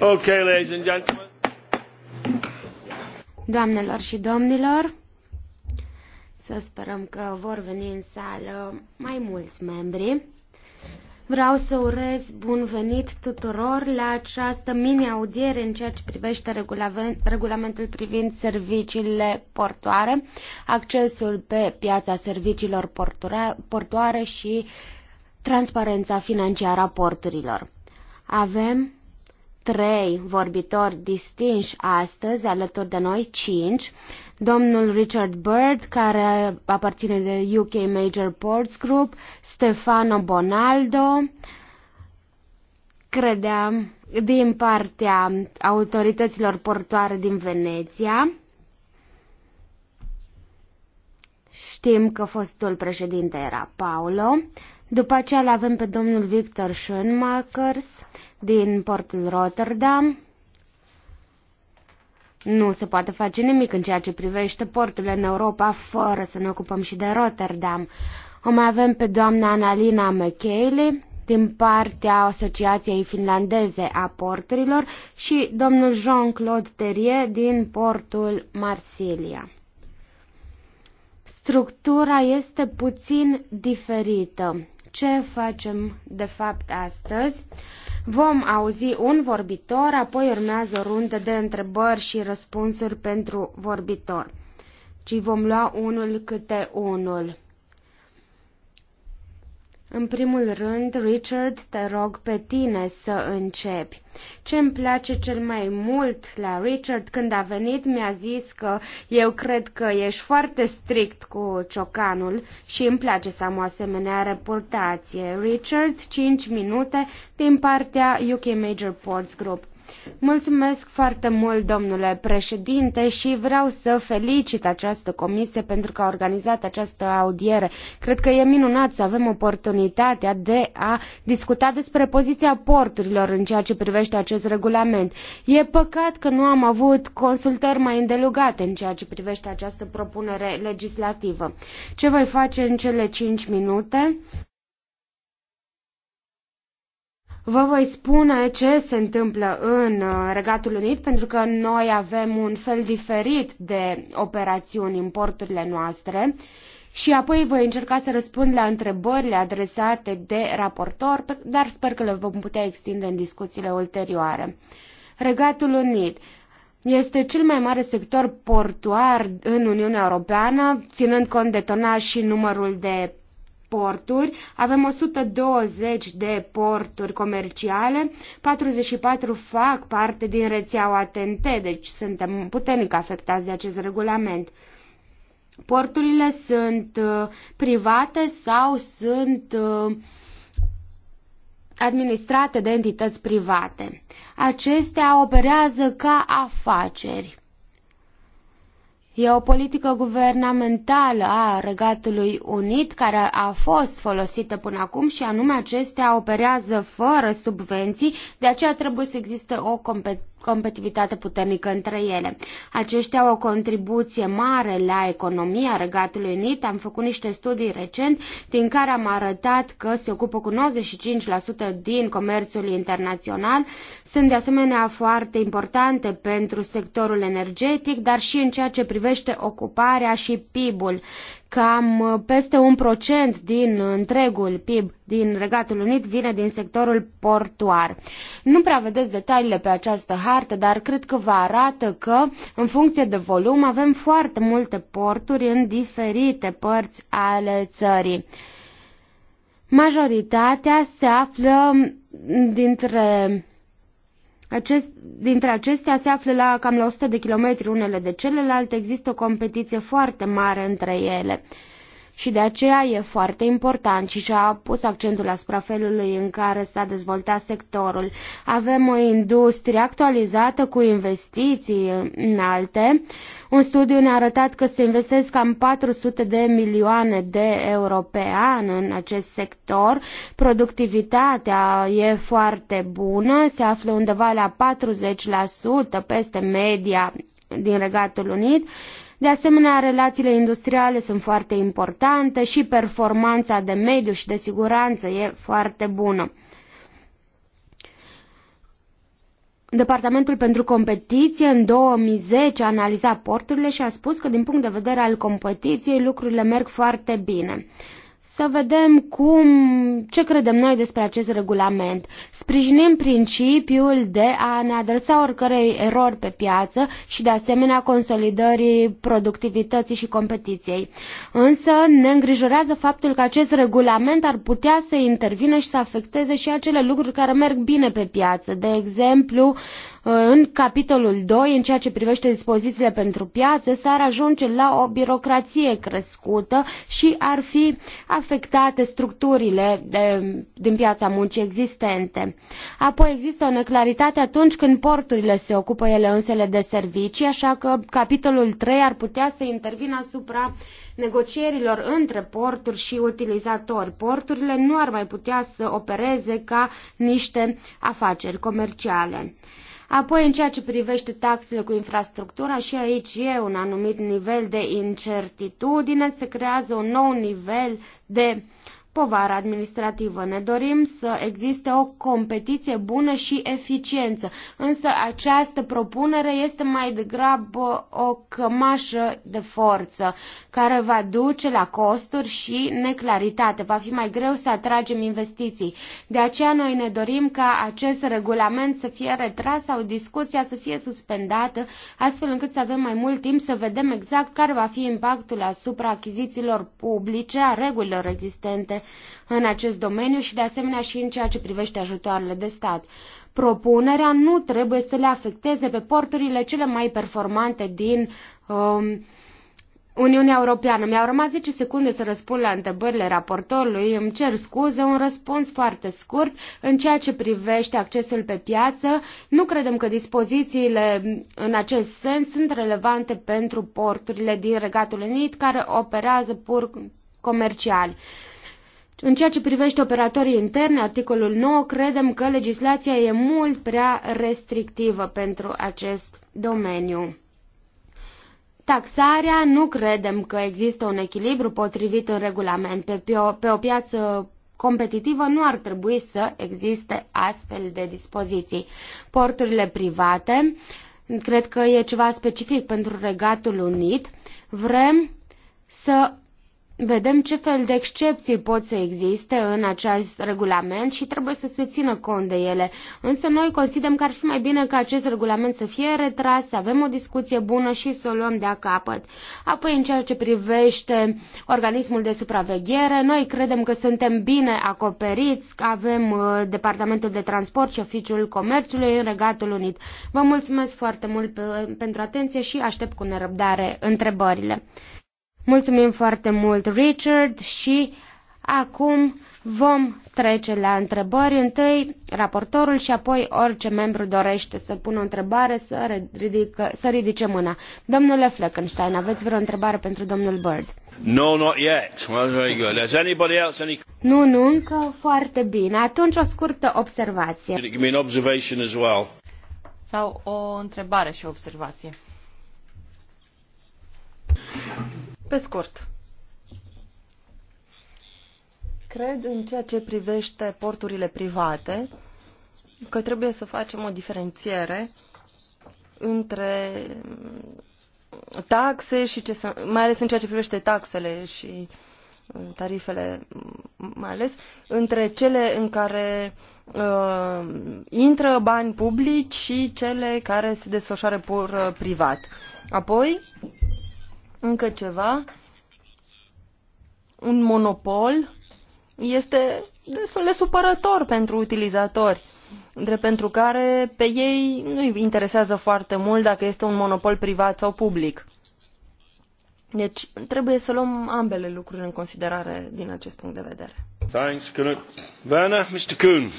Okay, ladies and gentlemen. Doamnelor și domnilor, să sperăm că vor veni în sală mai mulți membri. Vreau să urez bun venit tuturor la această mini-audiere în ceea ce privește regulamentul privind serviciile portoare, accesul pe piața serviciilor portoare și transparența financiară a porturilor. Avem trei vorbitori distinși astăzi, alături de noi cinci. Domnul Richard Bird, care aparține de UK Major Ports Group, Stefano Bonaldo, credeam, din partea autorităților portoare din Veneția. Știm că fostul președinte era Paolo. După aceea l avem pe domnul Victor Schoenmakers, din portul Rotterdam. Nu se poate face nimic în ceea ce privește porturile în Europa fără să ne ocupăm și de Rotterdam. O mai avem pe doamna Analina McKayley din partea Asociației Finlandeze a Porturilor și domnul Jean-Claude Terrier din portul Marsilia. Structura este puțin diferită. Ce facem de fapt astăzi? Uh, Vom auzi un vorbitor, apoi urmează o rundă de întrebări și răspunsuri pentru vorbitor, ci vom lua unul câte unul. În primul rând, Richard, te rog pe tine să începi. Ce îmi place cel mai mult la Richard când a venit mi-a zis că eu cred că ești foarte strict cu ciocanul și îmi place să am o asemenea reportație. Richard, 5 minute din partea UK Major Ports Group. Mulțumesc foarte mult, domnule președinte, și vreau să felicit această comisie pentru că a organizat această audiere. Cred că e minunat să avem oportunitatea de a discuta despre poziția porturilor în ceea ce privește acest regulament. E păcat că nu am avut consultări mai îndelugate în ceea ce privește această propunere legislativă. Ce voi face în cele 5 minute? Vă voi spune ce se întâmplă în uh, Regatul Unit, pentru că noi avem un fel diferit de operațiuni în porturile noastre și apoi voi încerca să răspund la întrebările adresate de raportor, dar sper că le vom putea extinde în discuțiile ulterioare. Regatul Unit este cel mai mare sector portuar în Uniunea Europeană, ținând cont de tonaj și numărul de porturi, avem 120 de porturi comerciale, 44 fac parte din rețeaua TNT, deci suntem puternic afectați de acest regulament. Porturile sunt uh, private sau sunt uh, administrate de entități private. Acestea operează ca afaceri E o politică guvernamentală a Regatului Unit care a fost folosită până acum și anume acestea operează fără subvenții, de aceea trebuie să existe o competență competitivitate puternică între ele. Aceștia au o contribuție mare la economia Regatului Unit. Am făcut niște studii recent din care am arătat că se ocupă cu 95% din comerțul internațional. Sunt de asemenea foarte importante pentru sectorul energetic, dar și în ceea ce privește ocuparea și PIB-ul Cam uh, peste un procent din întregul PIB din Regatul Unit vine din sectorul portuar. Nu prea vedeți detaliile pe această hartă, dar cred că vă arată că, în funcție de volum, avem foarte multe porturi în diferite părți ale țării. Majoritatea se află dintre acest, dintre acestea se află la cam la 100 de kilometri unele de celelalte, există o competiție foarte mare între ele. Și de aceea e foarte important și și-a pus accentul asupra felului în care s-a dezvoltat sectorul. Avem o industrie actualizată cu investiții înalte, uh, un studiu ne-a arătat că se investesc cam 400 de milioane de euro pe an în acest sector. Productivitatea e foarte bună, se află undeva la 40% peste media din Regatul Unit. De asemenea, relațiile industriale sunt foarte importante și performanța de mediu și de siguranță e foarte bună. Departamentul pentru competiție în 2010 a analizat porturile și a spus că din punct de vedere al competiției lucrurile merg foarte bine să vedem cum, ce credem noi despre acest regulament. Sprijinim principiul de a ne adresa oricărei erori pe piață și de asemenea consolidării productivității și competiției. Însă ne îngrijorează faptul că acest regulament ar putea să intervină și să afecteze și acele lucruri care merg bine pe piață, de exemplu Uh, în capitolul 2, în ceea ce privește dispozițiile pentru piață, s-ar ajunge la o birocrație crescută și ar fi afectate structurile de, din piața muncii existente. Apoi există o neclaritate atunci când porturile se ocupă ele însele de servicii, așa că capitolul 3 ar putea să intervină asupra negocierilor între porturi și utilizatori. Porturile nu ar mai putea să opereze ca niște afaceri comerciale. Apoi, în ceea ce privește taxele cu infrastructura, și aici e un anumit nivel de incertitudine, se creează un nou nivel de povară administrativă. Ne dorim să existe o competiție bună și eficiență, însă această propunere este mai degrabă o cămașă de forță care va duce la costuri și neclaritate. Va fi mai greu să atragem investiții. De aceea noi ne dorim ca acest regulament să fie retras sau discuția să fie suspendată, astfel încât să avem mai mult timp să vedem exact care va fi impactul asupra achizițiilor publice, a regulilor existente în acest domeniu și de asemenea și în ceea ce privește ajutoarele de stat. Propunerea nu trebuie să le afecteze pe porturile cele mai performante din um, Uniunea Europeană. Mi-au rămas 10 secunde să răspund la întrebările raportorului. Îmi cer scuze, un răspuns foarte scurt. În ceea ce privește accesul pe piață, nu credem că dispozițiile în acest sens sunt relevante pentru porturile din Regatul Unit care operează pur comercial. În ceea ce privește operatorii interni, articolul 9, credem că legislația e mult prea restrictivă pentru acest domeniu. Taxarea, nu credem că există un echilibru potrivit în regulament. Pe, pe, o, pe o piață competitivă nu ar trebui să existe astfel de dispoziții. Porturile private, cred că e ceva specific pentru Regatul Unit. Vrem să vedem ce fel de excepții pot să existe în acest regulament și trebuie să se țină cont de ele. Însă noi considerăm că ar fi mai bine ca acest regulament să fie retras, să avem o discuție bună și să o luăm de-a capăt. Apoi, în ceea ce privește organismul de supraveghere, noi credem că suntem bine acoperiți, că avem uh, Departamentul de Transport și Oficiul Comerțului în Regatul Unit. Vă mulțumesc foarte mult pentru atenție și aștept cu nerăbdare întrebările. Mulțumim foarte mult, Richard, și acum vom trece la întrebări. Întâi raportorul și apoi orice membru dorește să pună o întrebare să, ridică, să ridice mâna. Domnule Fleckenstein, aveți vreo întrebare pentru domnul Bird? No, not yet. Well, very good. Has anybody else any... Nu, nu, încă foarte bine. Atunci o scurtă observație. Give me an observation as well. Sau o întrebare și o observație. Pe scurt, cred în ceea ce privește porturile private că trebuie să facem o diferențiere între taxe și ce să, mai ales în ceea ce privește taxele și uh, tarifele mai ales, între cele în care uh, intră bani publici și cele care se desfășoară pur uh, privat. Apoi, încă ceva. Un monopol este destul de supărător pentru utilizatori, drept pentru care pe ei nu i interesează foarte mult dacă este un monopol privat sau public. Deci trebuie să luăm ambele lucruri în considerare din acest punct de vedere. Werner, Mr. Kuhn.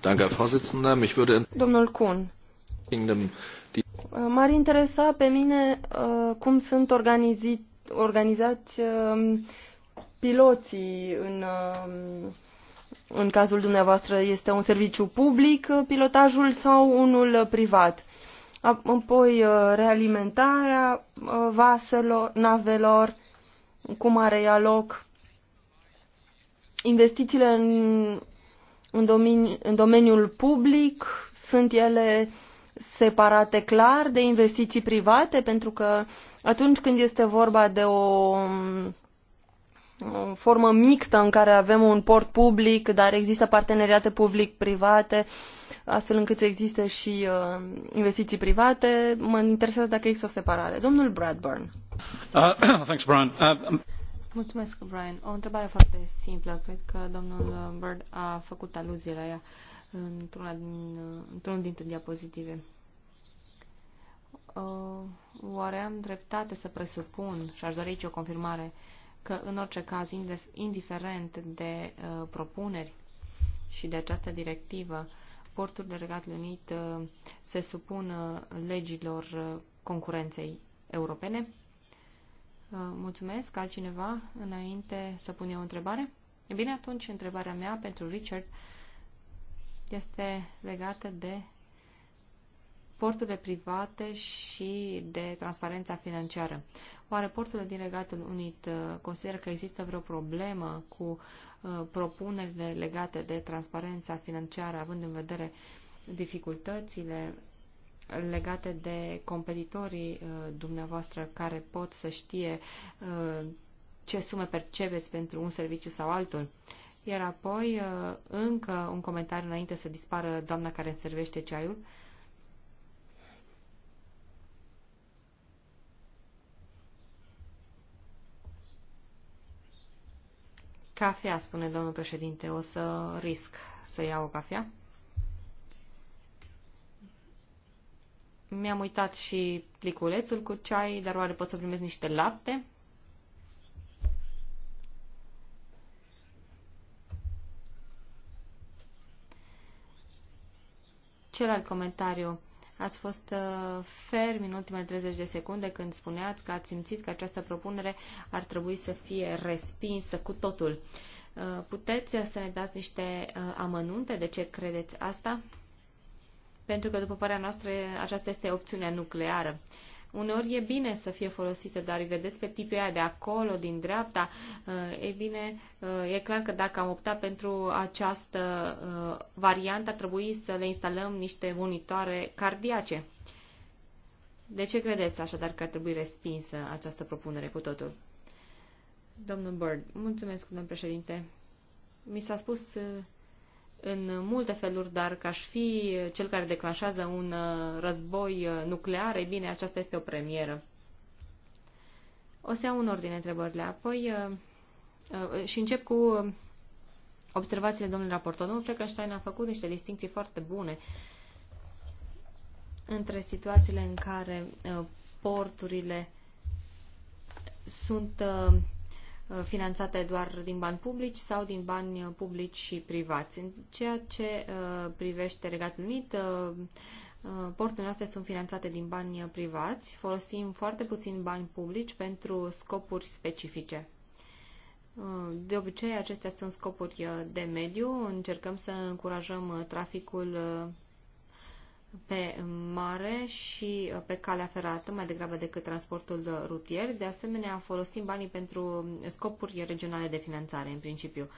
Danke, Herr Vorsitzender. Mich würde Domnul Kuhn. Uh, m-ar interesa pe mine uh, cum sunt organizi, organizați uh, piloții în, uh, în cazul dumneavoastră. Este un serviciu public uh, pilotajul sau unul uh, privat? Apoi realimentarea vaselor, navelor, cum are ea loc, investițiile în, în, domeni, în domeniul public, sunt ele uh, separate clar de investiții private, pentru că atunci când este vorba de o formă mixtă în care avem un port public, dar există parteneriate public-private, astfel încât să existe și uh, investiții private. Mă interesează dacă există o separare. Domnul Bradburn. Uh, thanks, Brian. Uh, um, Mulțumesc, Brian. O întrebare foarte simplă. Cred că domnul Bird a făcut aluzie la ea. Uh, într-una din, într-unul dintre diapozitive. Uh, oare am dreptate să presupun, și aș dori aici o confirmare, că în orice caz, indiferent de uh, propuneri și de această directivă, porturile Regatului Unit uh, se supun uh, legilor uh, concurenței europene? Uh, mulțumesc. Altcineva înainte să pun eu o întrebare? E bine, atunci întrebarea mea pentru Richard uh, este legată de porturile private și de transparența financiară. Oare porturile din Regatul Unit uh, consideră că există vreo problemă cu uh, propunerile legate de transparența financiară, având în vedere dificultățile legate de competitorii uh, dumneavoastră care pot să știe ce sume percepeți pentru un serviciu sau altul? Iar apoi, uh, încă un comentariu înainte să dispară doamna care servește ceaiul. Cafea, spune domnul președinte, o să risc să iau o cafea. Mi-am uitat și pliculețul cu ceai, dar oare pot să primesc niște lapte? Celălalt comentariu. Ați fost uh, ferm în ultimele 30 de secunde când spuneați că ați simțit că această propunere ar trebui să fie respinsă cu totul. Uh, puteți să ne dați niște uh, amănunte de ce credeți asta? Pentru că, după părerea noastră, aceasta este opțiunea nucleară. Uh, Uneori e bine să fie folosită, dar îi vedeți pe tipul aia de acolo, din dreapta. Eh, e bine, eh, e clar că dacă am optat pentru această eh, variantă, ar trebui să le instalăm niște monitoare cardiace. De ce credeți așadar că ar trebui respinsă această propunere cu totul? Domnul Bird, mulțumesc, domnul președinte. Mi s-a spus în multe feluri, dar ca și fi cel care declanșează un uh, război uh, nuclear, e bine, aceasta este o premieră. O să iau în ordine întrebările, apoi uh, și încep cu observațiile domnului raportor. Domnul Fleckenstein a făcut niște distinții foarte bune între situațiile în care porturile sunt finanțate doar din bani publici sau din bani publici și privați. În ceea ce uh, privește Regatul Unit, uh, uh, porturile noastre sunt finanțate din bani privați, folosim foarte puțin bani publici pentru scopuri specifice. De obicei, acestea sunt scopuri de mediu, încercăm să încurajăm traficul pe mare și uh, pe calea ferată, mai degrabă decât transportul uh, rutier. De asemenea, folosim banii pentru um, scopuri regionale de finanțare, în principiu.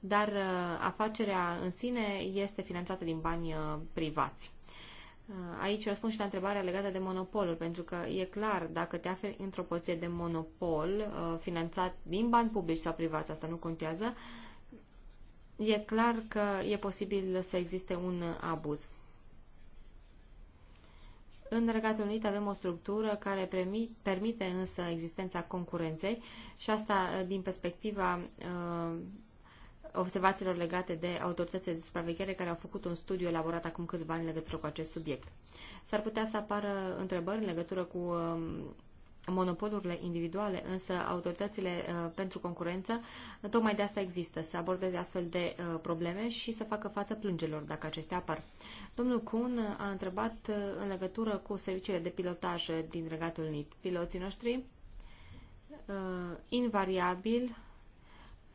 Dar uh, afacerea în sine este finanțată din bani privați. Aici răspund și la întrebarea legată de monopolul, pentru că e clar, dacă te afli într-o poziție de monopol, finanțat din bani publici sau privați, asta nu contează, e clar că e posibil să existe un abuz. În Regatul Unit avem o structură care permite însă existența concurenței și asta uh, din perspectiva uh, observațiilor legate de autoritățile de supraveghere care au făcut un studiu elaborat acum câțiva ani în legătură cu acest subiect. S-ar putea să apară întrebări în legătură cu um, monopolurile individuale, însă autoritățile uh, pentru concurență tocmai de asta există, să abordeze astfel de uh, probleme și să facă față plângerilor dacă acestea apar. Domnul Kuhn a întrebat uh, în legătură cu serviciile de pilotaj din Regatul Unit. Piloții noștri uh, invariabil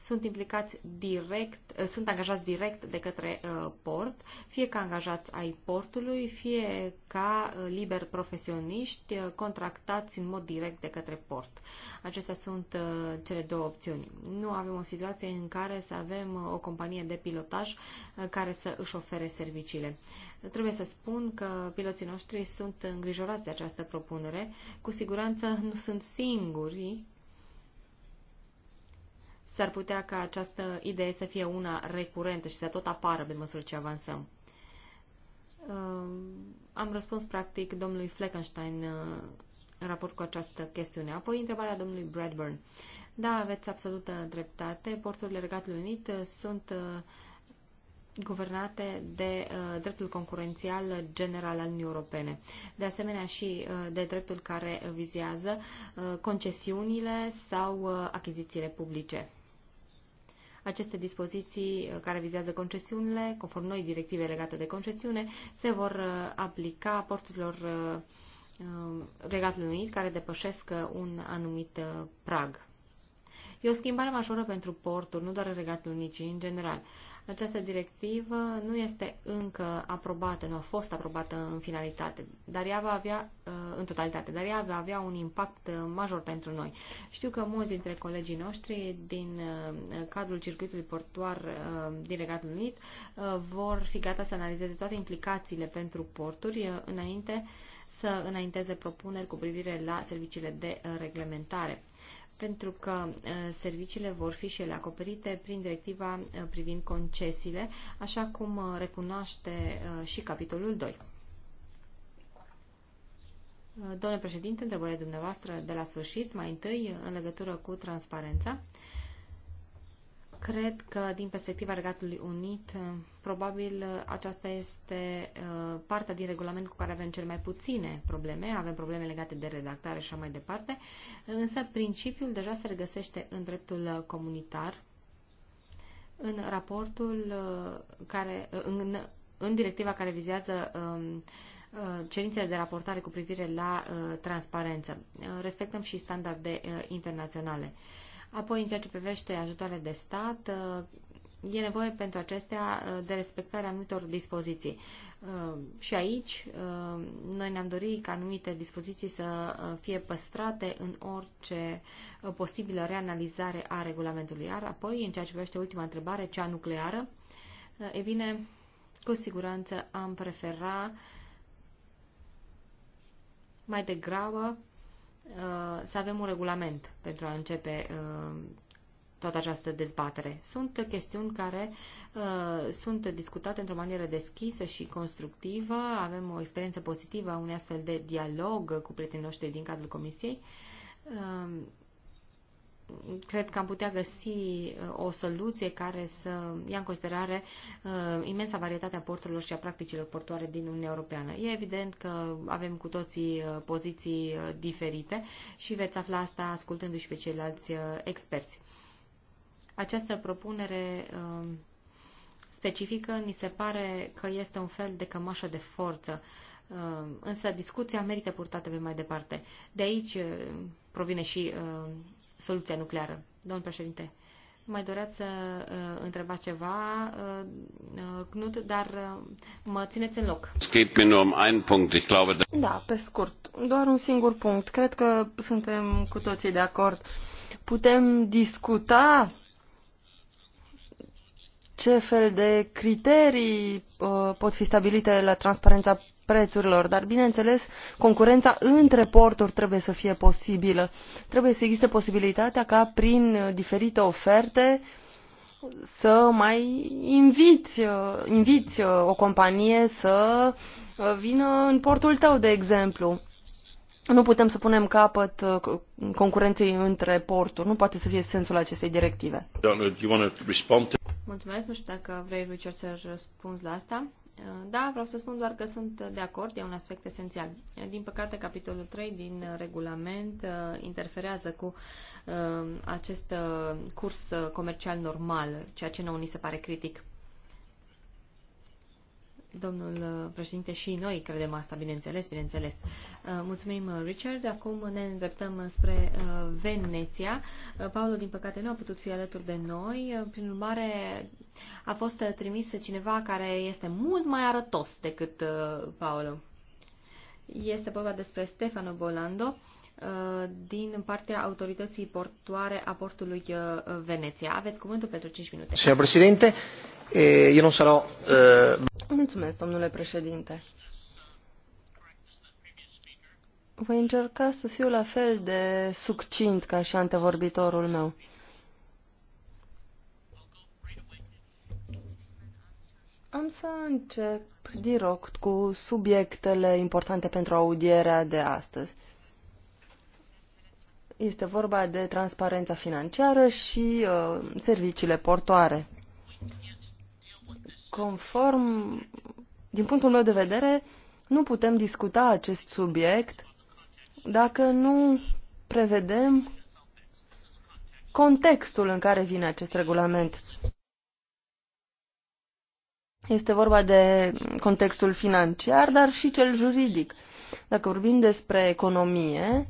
sunt implicați direct, eh, sunt angajați direct de către eh, port, fie ca angajați ai portului, fie ca eh, liber profesioniști contractați în mod direct de către port. Acestea sunt cele două opțiuni. Nu avem o situație în care să avem o companie de pilotaj care să își ofere serviciile. Trebuie să spun că piloții noștri sunt îngrijorați de această propunere. Cu siguranță nu sunt singuri s-ar putea ca această idee să fie una recurentă și să tot apară pe măsură ce avansăm. Am răspuns practic domnului Fleckenstein uh, în raport cu această chestiune. Apoi întrebarea domnului Bradburn. Da, aveți absolută dreptate. Porturile Regatului Unit uh, sunt uh, guvernate de uh, dreptul concurențial general al Uniunii Europene. De asemenea și uh, de dreptul care vizează uh, concesiunile sau uh, achizițiile publice. Aceste dispoziții uh, care vizează concesiunile, conform noi directive legate de concesiune, se vor uh, aplica porturilor uh, um, Regatului Unit care depășesc un anumit prag. E o schimbare majoră pentru porturi, nu doar în Regatul Unit, ci în general. Această directivă nu este încă aprobată, nu a fost aprobată în finalitate, dar ea va avea, uh, în totalitate, dar ea va avea un impact major pentru noi. Știu că mulți dintre colegii noștri din uh, cadrul circuitului portuar uh, din Regatul Unit vor fi gata să analizeze toate implicațiile pentru porturi înainte să înainteze propuneri cu privire la serviciile de reglementare pentru că uh, serviciile vor fi și ele acoperite prin directiva uh, privind concesiile, așa cum uh, recunoaște și capitolul 2. Domnule președinte, întrebările dumneavoastră de la sfârșit, mai întâi în legătură cu transparența. Cred că, din perspectiva Regatului Unit, probabil aceasta este uh, partea din regulament cu care avem cel mai puține probleme. Avem probleme legate de redactare și așa mai departe, însă principiul deja se regăsește în dreptul comunitar, în raportul uh, care, uh, în, în directiva care vizează um, cerințele de raportare cu privire la transparență. Respectăm și standarde internaționale. Apoi, în ceea ce privește ajutoarele de stat, uh, e nevoie pentru acestea uh, de respectarea anumitor dispoziții. Uh, și aici, noi ne-am dorit ca anumite dispoziții să fie păstrate în orice posibilă reanalizare a regulamentului. Iar apoi, în ceea ce privește ultima întrebare, cea nucleară, e bine, cu siguranță am prefera mai degrabă Uh, să avem un regulament pentru a începe uh, toată această dezbatere. Sunt chestiuni care uh, sunt discutate într-o manieră deschisă și constructivă. Avem o experiență pozitivă a unui astfel de dialog cu prietenii noștri din cadrul Comisiei. Uh, cred că am putea găsi uh, o soluție care să ia în considerare uh, imensa varietate a porturilor și a practicilor portoare din Uniunea Europeană. E evident că avem cu toții uh, poziții uh, diferite și veți afla asta ascultându-și pe ceilalți experți. Această propunere uh, specifică ni se pare că este un fel de cămașă de forță, însă discuția merită purtată pe mai departe. De aici provine și soluția nucleară. Domnul președinte, mai doreați să uh, întrebați ceva, uh, uh Knut, dar uh, mă țineți în loc. Um da, pe scurt, doar un singur punct. Cred că suntem cu toții de acord. Putem discuta ce fel de criterii uh, pot fi stabilite la transparența prețurilor, dar bineînțeles concurența între porturi trebuie să fie posibilă. Trebuie să existe posibilitatea ca prin uh, diferite oferte să mai inviți, uh, inviți uh, o companie să vină în portul tău, de exemplu. Nu putem să punem capăt concurenței între porturi. Nu poate să fie sensul acestei directive. Mulțumesc. Nu știu dacă vrei, Richard, să răspunzi la asta. Da, vreau să spun doar că sunt de acord, e un aspect esențial. Din păcate, capitolul 3 din regulament uh, interferează cu uh, acest uh, curs comercial normal, ceea ce nouă ni se pare critic. Domnul uh, președinte, și noi credem asta, bineînțeles, bineînțeles. Uh, mulțumim, uh, Richard. Acum ne îndreptăm spre Veneția. Paolo, din păcate, nu a putut fi alături de noi. Prin urmare, a fost trimis cineva care este mult mai arătos decât Paolo. Este vorba despre Stefano Bolando din partea autorității portoare a portului Veneția. Aveți cuvântul pentru 5 minute. Signor Președinte. eu eh, nu sarò... Eh, Mulțumesc, domnule președinte. Voi încerca să fiu la fel de succint ca și antevorbitorul meu. Am să încep direct cu subiectele importante pentru audierea de astăzi. Este vorba de transparența financiară și uh, serviciile portoare. Conform, din punctul meu de vedere, nu putem discuta acest subiect dacă nu prevedem contextul în care vine acest regulament. Este vorba de contextul financiar, dar și cel juridic. Dacă vorbim despre economie,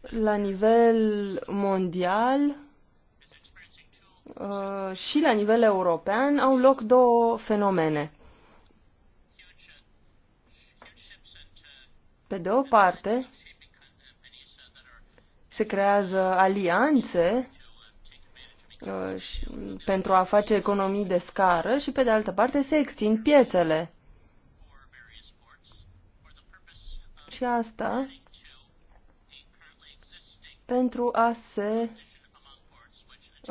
la nivel mondial, Uh, și la nivel european au loc două fenomene. Pe de o parte, se creează alianțe uh, um, pentru a face economii de scară și, pe de altă parte, se extind piețele. Și asta pentru a se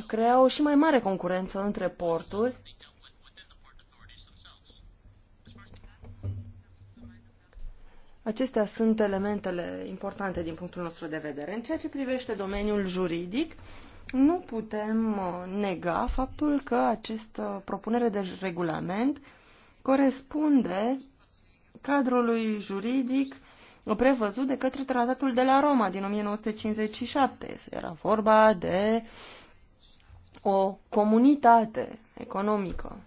crea o și mai mare concurență între porturi Acestea sunt elementele importante din punctul nostru de vedere. În ceea ce privește domeniul juridic, nu putem uh, nega faptul că această propunere de regulament corespunde cadrului juridic prevăzut de către tratatul de la Roma din 1957. Era vorba de o comunitate economică.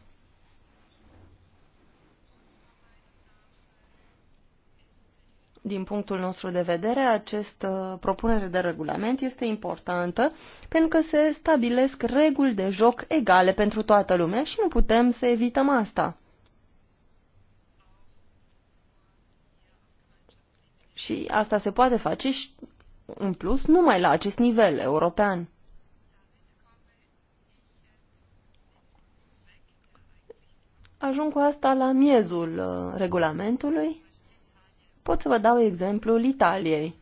Din punctul nostru de vedere, această propunere de regulament este importantă pentru că se stabilesc reguli de joc egale pentru toată lumea și nu putem să evităm asta. Și asta se poate face și, în plus numai la acest nivel european. Ajung cu asta la miezul uh, regulamentului. Pot să vă dau exemplul Italiei.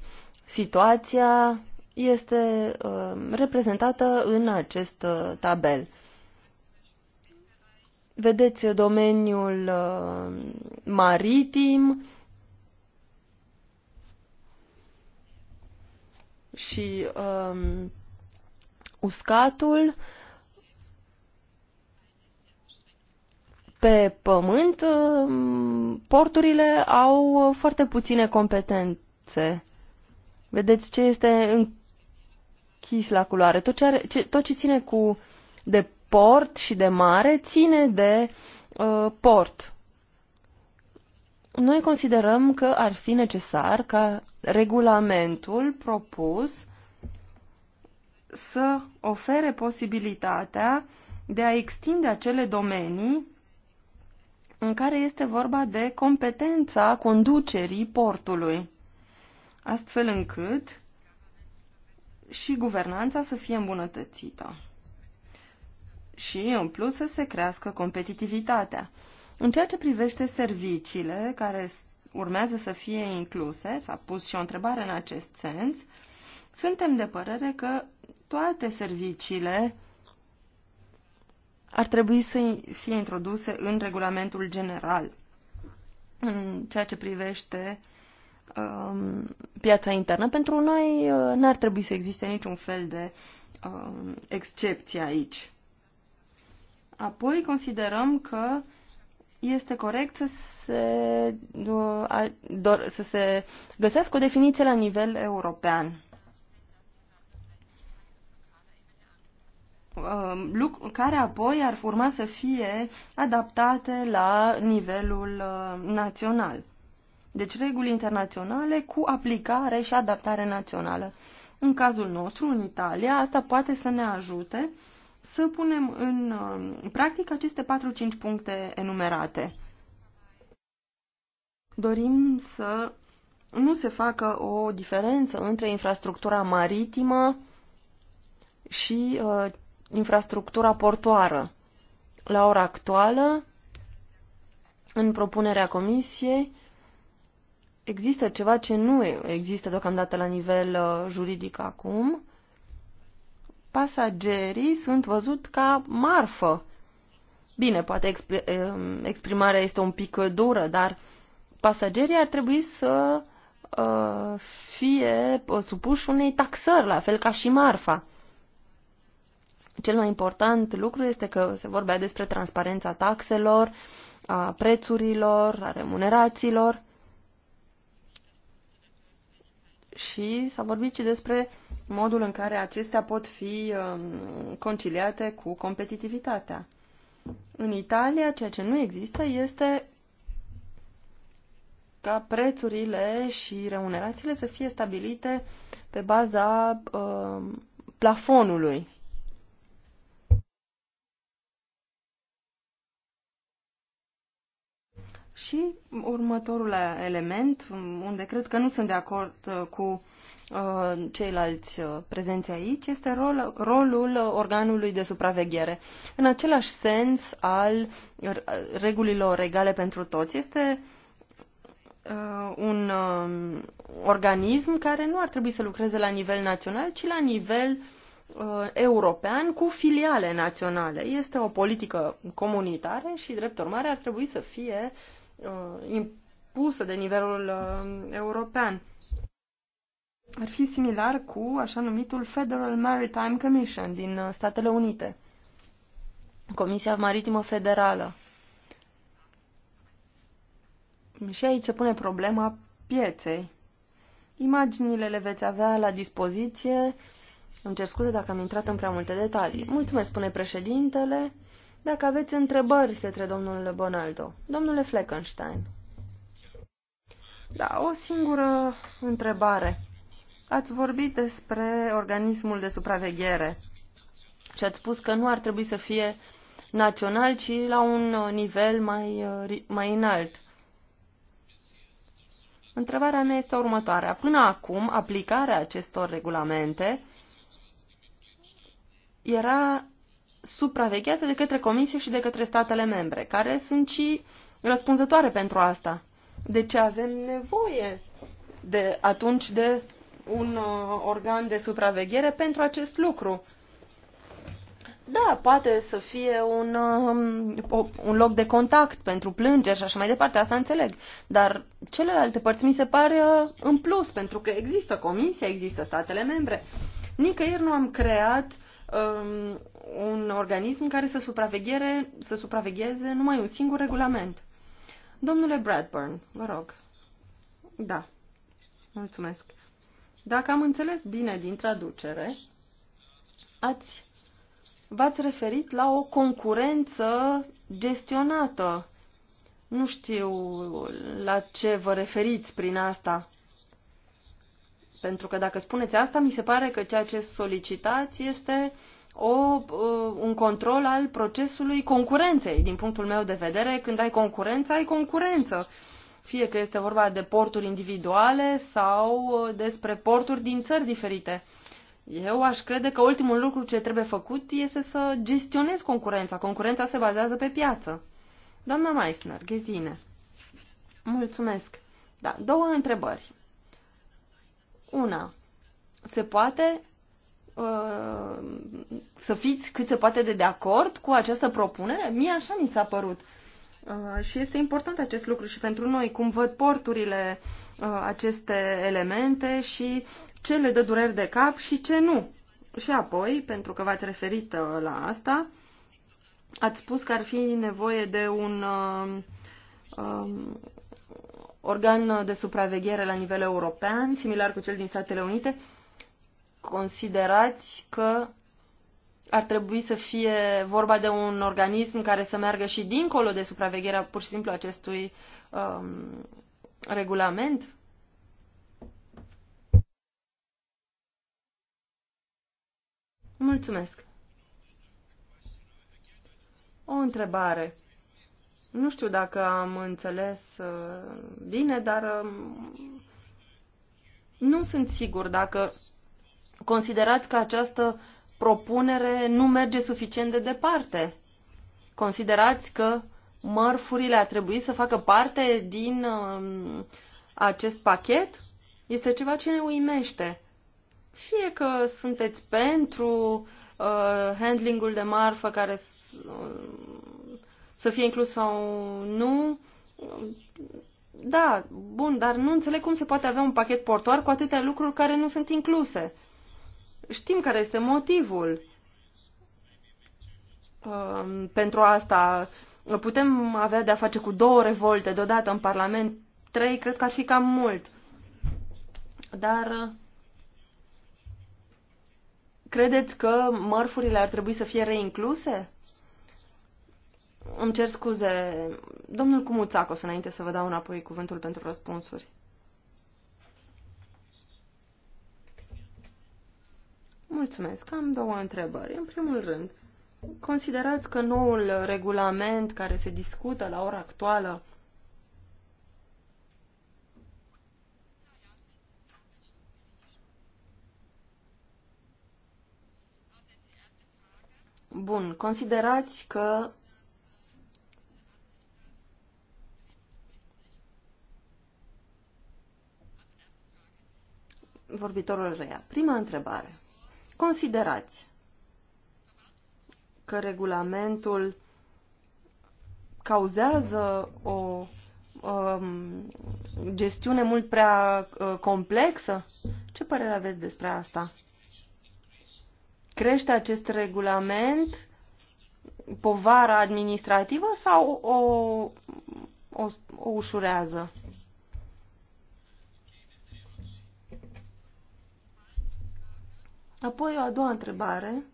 Situația este uh, reprezentată în acest uh, tabel. Vedeți domeniul maritim și um, uscatul. Uh, pe pământ, uh, porturile au foarte puține competențe. Vedeți ce este închis la culoare. Tot ce, are, ce, tot ce ține cu de port și de mare ține de uh, port. Noi considerăm că ar fi necesar ca regulamentul propus să ofere posibilitatea de a extinde acele domenii în care este vorba de competența conducerii portului, astfel încât și guvernanța să fie îmbunătățită și, în plus, să se crească competitivitatea. În ceea ce privește serviciile care urmează să fie incluse, s-a pus și o întrebare în acest sens, suntem de părere că toate serviciile ar trebui să fie introduse în regulamentul general în ceea ce privește um, piața internă. Pentru noi uh, n-ar trebui să existe niciun fel de um, excepție aici. Apoi considerăm că este corect să se, uh, a, dor, să se găsească o definiție la nivel european. Um, care apoi ar urma să fie adaptate la nivelul uh, național. Deci reguli internaționale cu aplicare și adaptare națională. În cazul nostru, în Italia, asta poate să ne ajute să punem în um, practic aceste 4-5 puncte enumerate. Dorim să nu se facă o diferență între infrastructura maritimă și uh, infrastructura portoară. La ora actuală, în propunerea Comisiei, există ceva ce nu există deocamdată la nivel uh, juridic acum. Pasagerii sunt văzut ca marfă. Bine, poate um, exprimarea este un pic dură, dar pasagerii ar trebui să uh, fie uh, supuși unei taxări, la fel ca și marfa. Cel mai important lucru este că se vorbea despre transparența taxelor, a prețurilor, a remunerațiilor și s-a vorbit și despre modul în care acestea pot fi um, conciliate cu competitivitatea. În Italia, ceea ce nu există este ca prețurile și remunerațiile să fie stabilite pe baza uh, plafonului Și următorul element, unde cred că nu sunt de acord uh, cu uh, ceilalți uh, prezenți aici, este rol, rolul organului de supraveghere. În același sens al regulilor egale pentru toți, este un um, organism care nu ar trebui să lucreze la nivel național, ci la nivel european cu filiale naționale. Este o politică comunitară și, drept urmare, ar trebui să fie uh, Uh, impusă de nivelul uh, european. Ar fi similar cu așa numitul Federal Maritime Commission din uh, Statele Unite, Comisia Maritimă Federală. Și aici se pune problema pieței. Imaginile le veți avea la dispoziție. Îmi cer scuze dacă am intrat în prea multe detalii. Mulțumesc, spune președintele dacă aveți întrebări către domnul Bonaldo. Domnule Fleckenstein. Da, o singură întrebare. Ați vorbit despre organismul de supraveghere și ați spus că nu ar trebui să fie național, ci la un nivel mai, mai înalt. Întrebarea mea este următoarea. Până acum, aplicarea acestor regulamente era supravegheată de către Comisie și de către statele membre, care sunt și răspunzătoare pentru asta. De ce avem nevoie de, atunci de un uh, organ de supraveghere pentru acest lucru. Da, poate să fie un, uh, un loc de contact pentru plângeri și așa mai departe, asta înțeleg. Dar celelalte părți mi se pare uh, în plus, pentru că există comisia, există statele membre. Nicăieri nu am creat um, un organism care să, supraveghere, să supravegheze numai un singur regulament. Domnule Bradburn, vă rog. Da. Mulțumesc. Dacă am înțeles bine din traducere, ați, v-ați referit la o concurență gestionată. Nu știu la ce vă referiți prin asta. Pentru că dacă spuneți asta, mi se pare că ceea ce solicitați este uh, o, uh, un control al procesului concurenței. Din punctul meu de vedere, când ai concurență, ai concurență. Fie că este vorba de porturi individuale sau uh, despre porturi din țări diferite. Eu aș crede că ultimul lucru ce trebuie făcut este să gestionezi concurența. Concurența se bazează pe piață. Doamna Meissner, ghezine. Mulțumesc. Da, două întrebări. Una, se poate Uh, să fiți cât se poate de de acord cu această propunere? Mie așa mi s-a părut. Uh, și este important acest lucru și pentru noi, cum văd porturile uh, aceste elemente și ce le dă dureri de cap și ce nu. Și apoi, pentru că v-ați referit la asta, ați spus că ar fi nevoie de un um, organ de supraveghere la nivel european, similar cu cel din Statele Unite considerați că ar trebui să fie vorba de un organism care să meargă și dincolo de supravegherea pur și simplu acestui um, regulament? Mulțumesc. O întrebare. Nu știu dacă am înțeles uh, bine, dar um, nu sunt sigur dacă considerați că această propunere nu merge suficient de departe? Considerați că mărfurile ar trebui să facă parte din uh, acest pachet? Este ceva ce ne uimește. Fie că sunteți pentru uh, handlingul de marfă care să fie inclus sau nu, da, bun, dar nu înțeleg cum se poate avea un pachet portoar cu atâtea lucruri care nu sunt incluse. Știm care este motivul um, pentru asta. Putem avea de-a face cu două revolte deodată în Parlament, trei cred că ar fi cam mult. Dar credeți că mărfurile ar trebui să fie reincluse? Îmi cer scuze, domnul Cumuțacos, înainte să vă dau înapoi cuvântul pentru răspunsuri. Mulțumesc. Am două întrebări. În primul rând, considerați că noul regulament care se discută la ora actuală Bun, considerați că vorbitorul rea. Prima întrebare. Considerați că regulamentul cauzează o um, gestiune mult prea uh, complexă? Ce părere aveți despre asta? Crește acest regulament povara administrativă sau o, o, o ușurează? Apoi o a doua întrebare.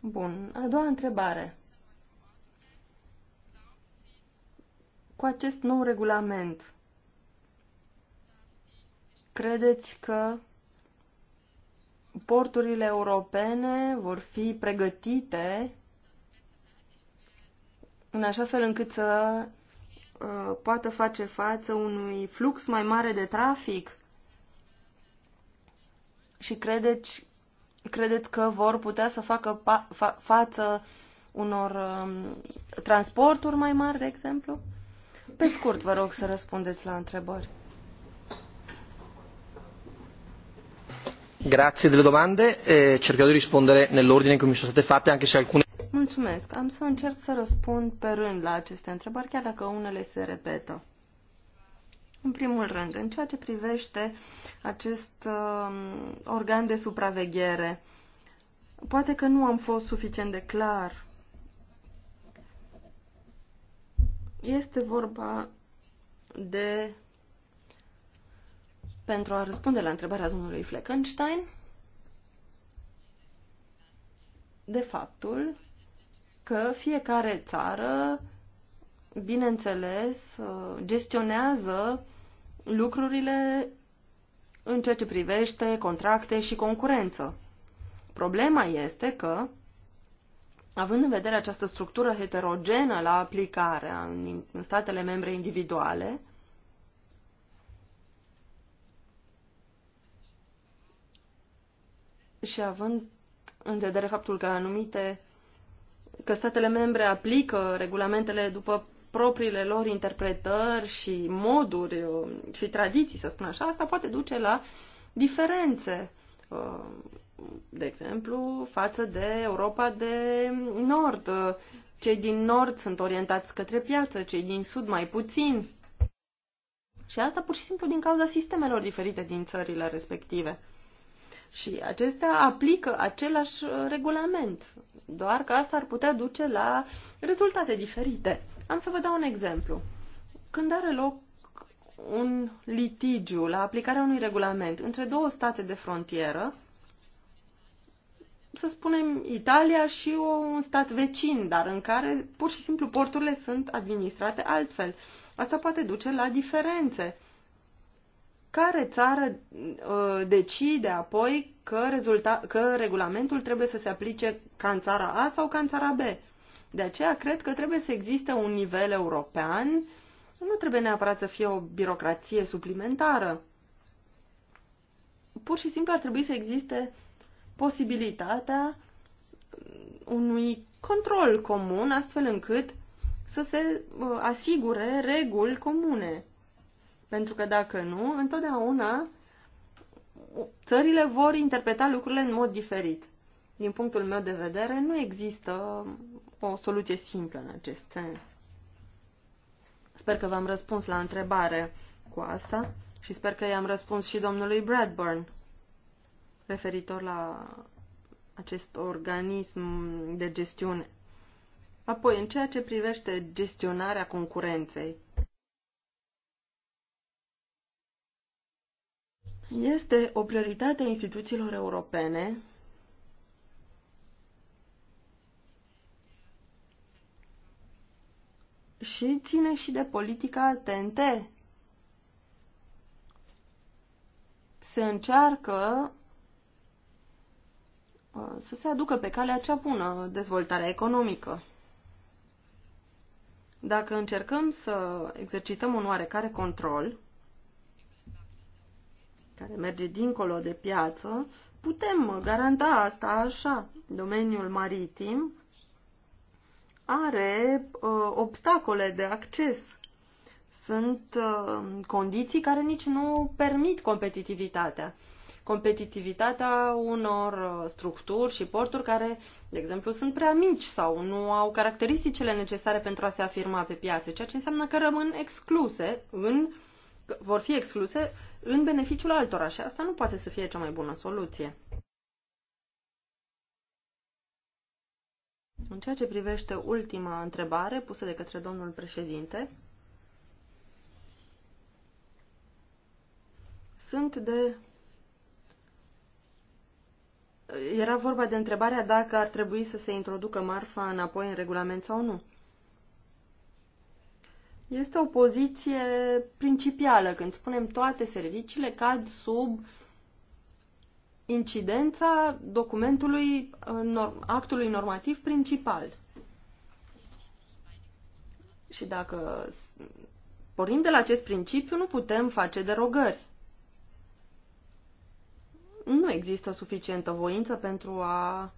Bun. A doua întrebare. Cu acest nou regulament, credeți că porturile europene vor fi pregătite în așa fel încât să uh, poată face față unui flux mai mare de trafic? Și credeți, credeți că vor putea să facă fa- față unor um, transporturi mai mari, de exemplu? Pe scurt, vă rog să răspundeți la întrebări. Grazie delle domande, eh, cercherò di rispondere nell'ordine in cui mi sono state fatte, anche se alcune Mulțumesc. Am să încerc să răspund pe rând la aceste întrebări, chiar dacă unele se repetă. În primul rând, în ceea ce privește acest uh, organ de supraveghere, poate că nu am fost suficient de clar. Este vorba de. Pentru a răspunde la întrebarea domnului Fleckenstein, de faptul că fiecare țară, bineînțeles, gestionează lucrurile în ceea ce privește contracte și concurență. Problema este că, având în vedere această structură heterogenă la aplicare în statele membre individuale, și având în vedere faptul că anumite că statele membre aplică regulamentele după propriile lor interpretări și moduri uh, și tradiții, să spun așa, asta poate duce la diferențe, uh, de exemplu, față de Europa de Nord. Uh, cei din Nord sunt orientați către piață, cei din Sud mai puțin. Și asta pur și simplu din cauza sistemelor diferite din țările respective. Și acestea aplică același regulament, doar că asta ar putea duce la rezultate diferite. Am să vă dau un exemplu. Când are loc un litigiu la aplicarea unui regulament între două state de frontieră, să spunem Italia și un stat vecin, dar în care pur și simplu porturile sunt administrate altfel. Asta poate duce la diferențe care țară uh, decide apoi că, rezulta, că regulamentul trebuie să se aplice ca în țara A sau ca în țara B. De aceea cred că trebuie să existe un nivel european, nu trebuie neapărat să fie o birocrație suplimentară. Pur și simplu ar trebui să existe posibilitatea unui control comun, astfel încât să se uh, asigure reguli comune pentru că dacă nu, întotdeauna țările vor interpreta lucrurile în mod diferit. Din punctul meu de vedere, nu există o soluție simplă în acest sens. Sper că v-am răspuns la întrebare cu asta și sper că i-am răspuns și domnului Bradburn referitor la acest organism de gestiune. Apoi, în ceea ce privește gestionarea concurenței, Este o prioritate a instituțiilor europene și ține și de politica TNT. Se încearcă uh, să se aducă pe calea cea bună dezvoltarea economică. Dacă încercăm să exercităm un oarecare control, care merge dincolo de piață, putem garanta asta așa. Domeniul maritim are uh, obstacole de acces. Sunt uh, condiții care nici nu permit competitivitatea. Competitivitatea unor uh, structuri și porturi care, de exemplu, sunt prea mici sau nu au caracteristicile necesare pentru a se afirma pe piață, ceea ce înseamnă că rămân excluse în uh, vor fi excluse în beneficiul altora și asta nu poate să fie cea mai bună soluție. În ceea ce privește ultima întrebare pusă de către domnul președinte, sunt de... Era vorba de întrebarea dacă ar trebui să se introducă marfa înapoi în regulament sau nu. Este o poziție principială când spunem toate serviciile cad sub incidența documentului, uh, actului normativ principal. Și dacă pornim de la acest principiu, nu putem face derogări. Nu există suficientă voință pentru a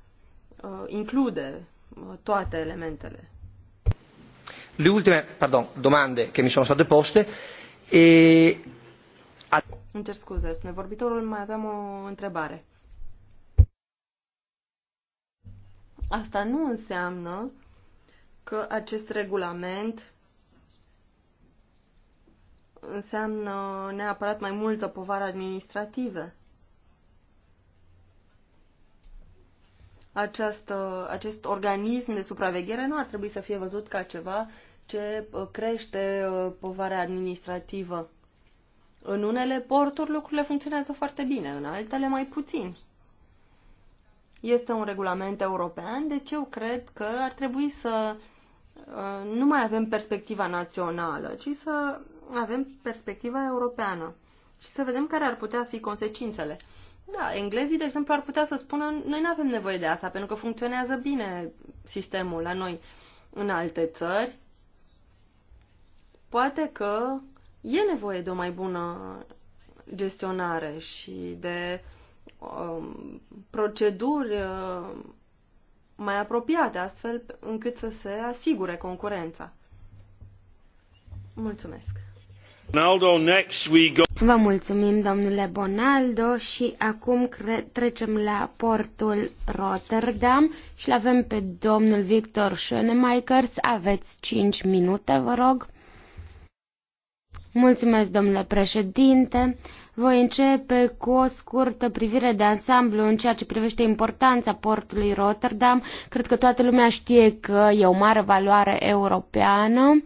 uh, include uh, toate elementele le ultime pardon, domande che mi sono state poste e... Îmi cer scuze, spune vorbitorul, mai aveam o întrebare. Asta nu înseamnă că acest regulament înseamnă neapărat mai multă povară administrativă. Această, acest organism de supraveghere nu ar trebui să fie văzut ca ceva ce uh, crește uh, povara administrativă. În unele porturi lucrurile funcționează foarte bine, în altele mai puțin. Este un regulament european, deci eu cred că ar trebui să uh, nu mai avem perspectiva națională, ci să avem perspectiva europeană și să vedem care ar putea fi consecințele. Da, englezii, de exemplu, ar putea să spună noi nu avem nevoie de asta, pentru că funcționează bine sistemul la noi. În alte țări, Poate că e nevoie de o mai bună gestionare și de um, proceduri uh, mai apropiate, astfel încât să se asigure concurența. Mulțumesc! Ronaldo, next we go. Vă mulțumim, domnule Bonaldo, și acum trecem la portul Rotterdam și l avem pe domnul Victor Schönemakers. Aveți 5 minute, vă rog. Mulțumesc, domnule președinte. Voi începe cu o scurtă privire de ansamblu în ceea ce privește importanța portului Rotterdam. Cred că toată lumea știe că e o mare valoare europeană.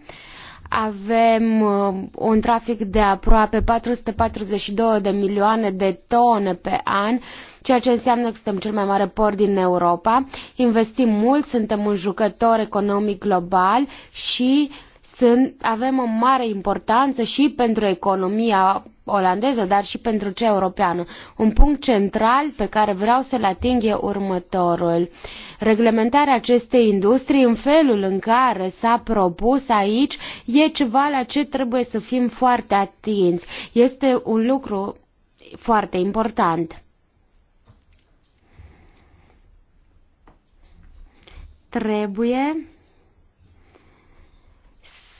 Avem uh, un trafic de aproape 442 de milioane de tone pe an, ceea ce înseamnă că suntem cel mai mare port din Europa. Investim mult, suntem un jucător economic global și uh, sunt, avem o mare importanță și pentru economia olandeză, dar și pentru cea europeană. Un punct central pe care vreau să-l ating e următorul. Reglementarea acestei industrii în felul în care s-a propus aici e ceva la ce trebuie să fim foarte atenți. Este un lucru foarte important. Trebuie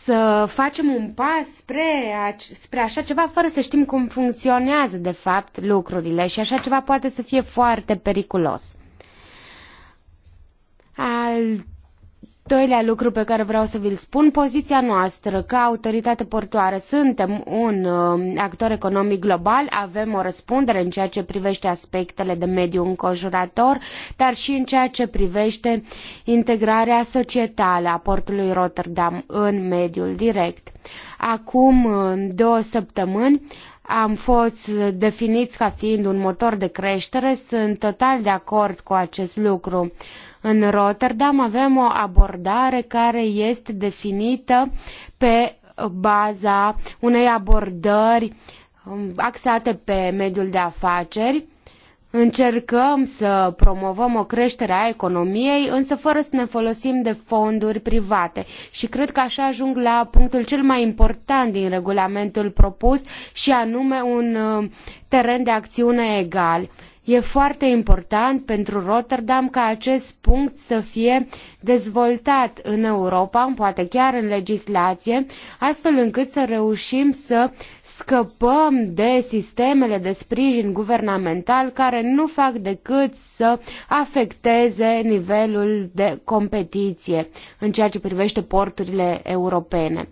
să facem un pas spre, spre așa ceva fără să știm cum funcționează de fapt lucrurile și așa ceva poate să fie foarte periculos. Al doilea lucru pe care vreau să vi-l spun, poziția noastră ca autoritate portoară. Suntem un uh, actor economic global, avem o răspundere în ceea ce privește aspectele de mediu înconjurator, dar și în ceea ce privește integrarea societală a portului Rotterdam în mediul direct. Acum uh, două săptămâni am fost definiți ca fiind un motor de creștere, sunt total de acord cu acest lucru. Uh, în Rotterdam avem o abordare care este definită pe baza unei abordări um, axate pe mediul de afaceri. Încercăm să promovăm o creștere a economiei, însă fără să ne folosim de fonduri private. Și cred că așa ajung la punctul cel mai important din regulamentul propus și anume un um, teren de acțiune egal E foarte important pentru Rotterdam ca acest punct să fie dezvoltat în Europa, poate chiar în legislație, astfel încât să reușim să scăpăm de sistemele de sprijin guvernamental care nu fac decât să afecteze nivelul de competiție în ceea ce privește porturile europene.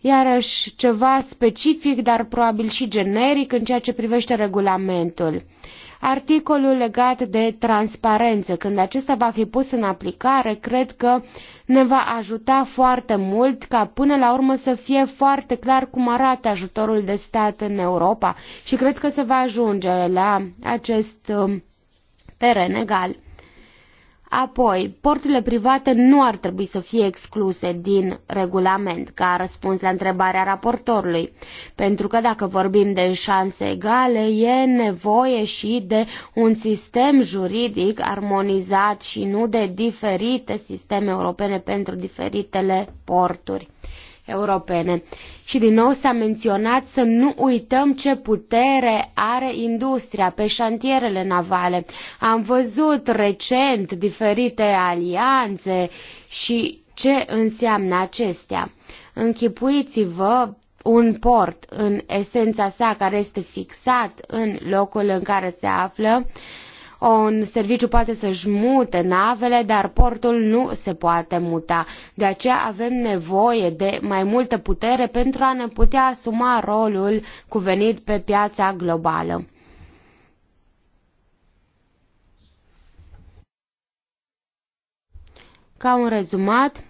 Iarăși ceva specific, dar probabil și generic în ceea ce privește regulamentul. Articolul legat de transparență, când acesta va fi pus în aplicare, cred că ne va ajuta foarte mult ca până la urmă să fie foarte clar cum arată ajutorul de stat în Europa și cred că se va ajunge la acest um, teren egal. Apoi, porturile private nu ar trebui să fie excluse din regulament, ca răspuns la întrebarea raportorului, pentru că dacă vorbim de șanse egale, e nevoie și de un sistem juridic armonizat și nu de diferite sisteme europene pentru diferitele porturi europene. Și din nou s-a menționat să nu uităm ce putere are industria pe șantierele navale. Am văzut recent diferite alianțe și ce înseamnă acestea. Închipuiți-vă un port în esența sa care este fixat în locul în care se află, uh, un serviciu poate să-și mute navele, dar portul nu se poate muta. De aceea avem nevoie de mai multă putere pentru a ne putea asuma rolul cuvenit pe piața globală. Ca un rezumat,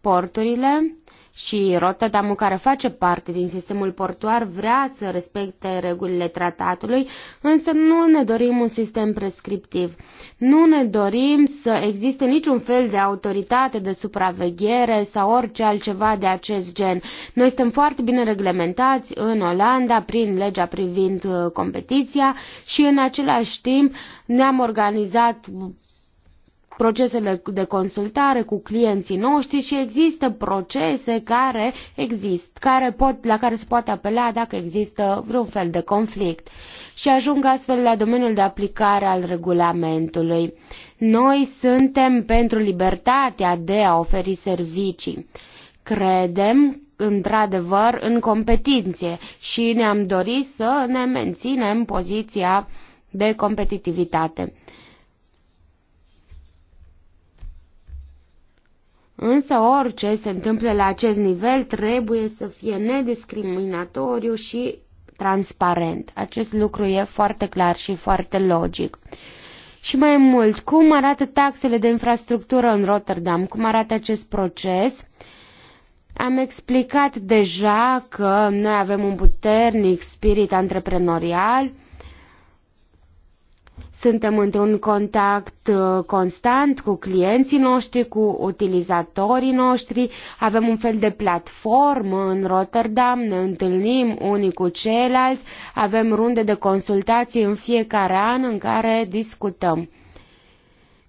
porturile și Rotterdam, care face parte din sistemul portuar, vrea să respecte regulile tratatului, însă nu ne dorim un sistem prescriptiv. Nu ne dorim să existe niciun fel de autoritate de supraveghere sau orice altceva de acest gen. Noi suntem foarte bine reglementați în Olanda prin legea privind uh, competiția și în același timp ne-am organizat procesele de consultare cu clienții noștri și există procese care există, care pot, la care se poate apela dacă există vreun fel de conflict și ajung astfel la domeniul de aplicare al regulamentului. Noi suntem pentru libertatea de a oferi servicii. Credem într-adevăr în competiție și ne-am dorit să ne menținem poziția de competitivitate. Însă orice se întâmplă la acest nivel trebuie să fie nediscriminatoriu și transparent. Acest lucru e foarte clar și foarte logic. Și mai mult, cum arată taxele de infrastructură în Rotterdam? Cum arată acest proces? Am explicat deja că noi avem un puternic spirit antreprenorial, suntem într-un contact uh, constant cu clienții noștri, cu utilizatorii noștri, avem un fel de platformă în Rotterdam, ne întâlnim unii cu ceilalți, avem runde de consultații în fiecare an în care discutăm.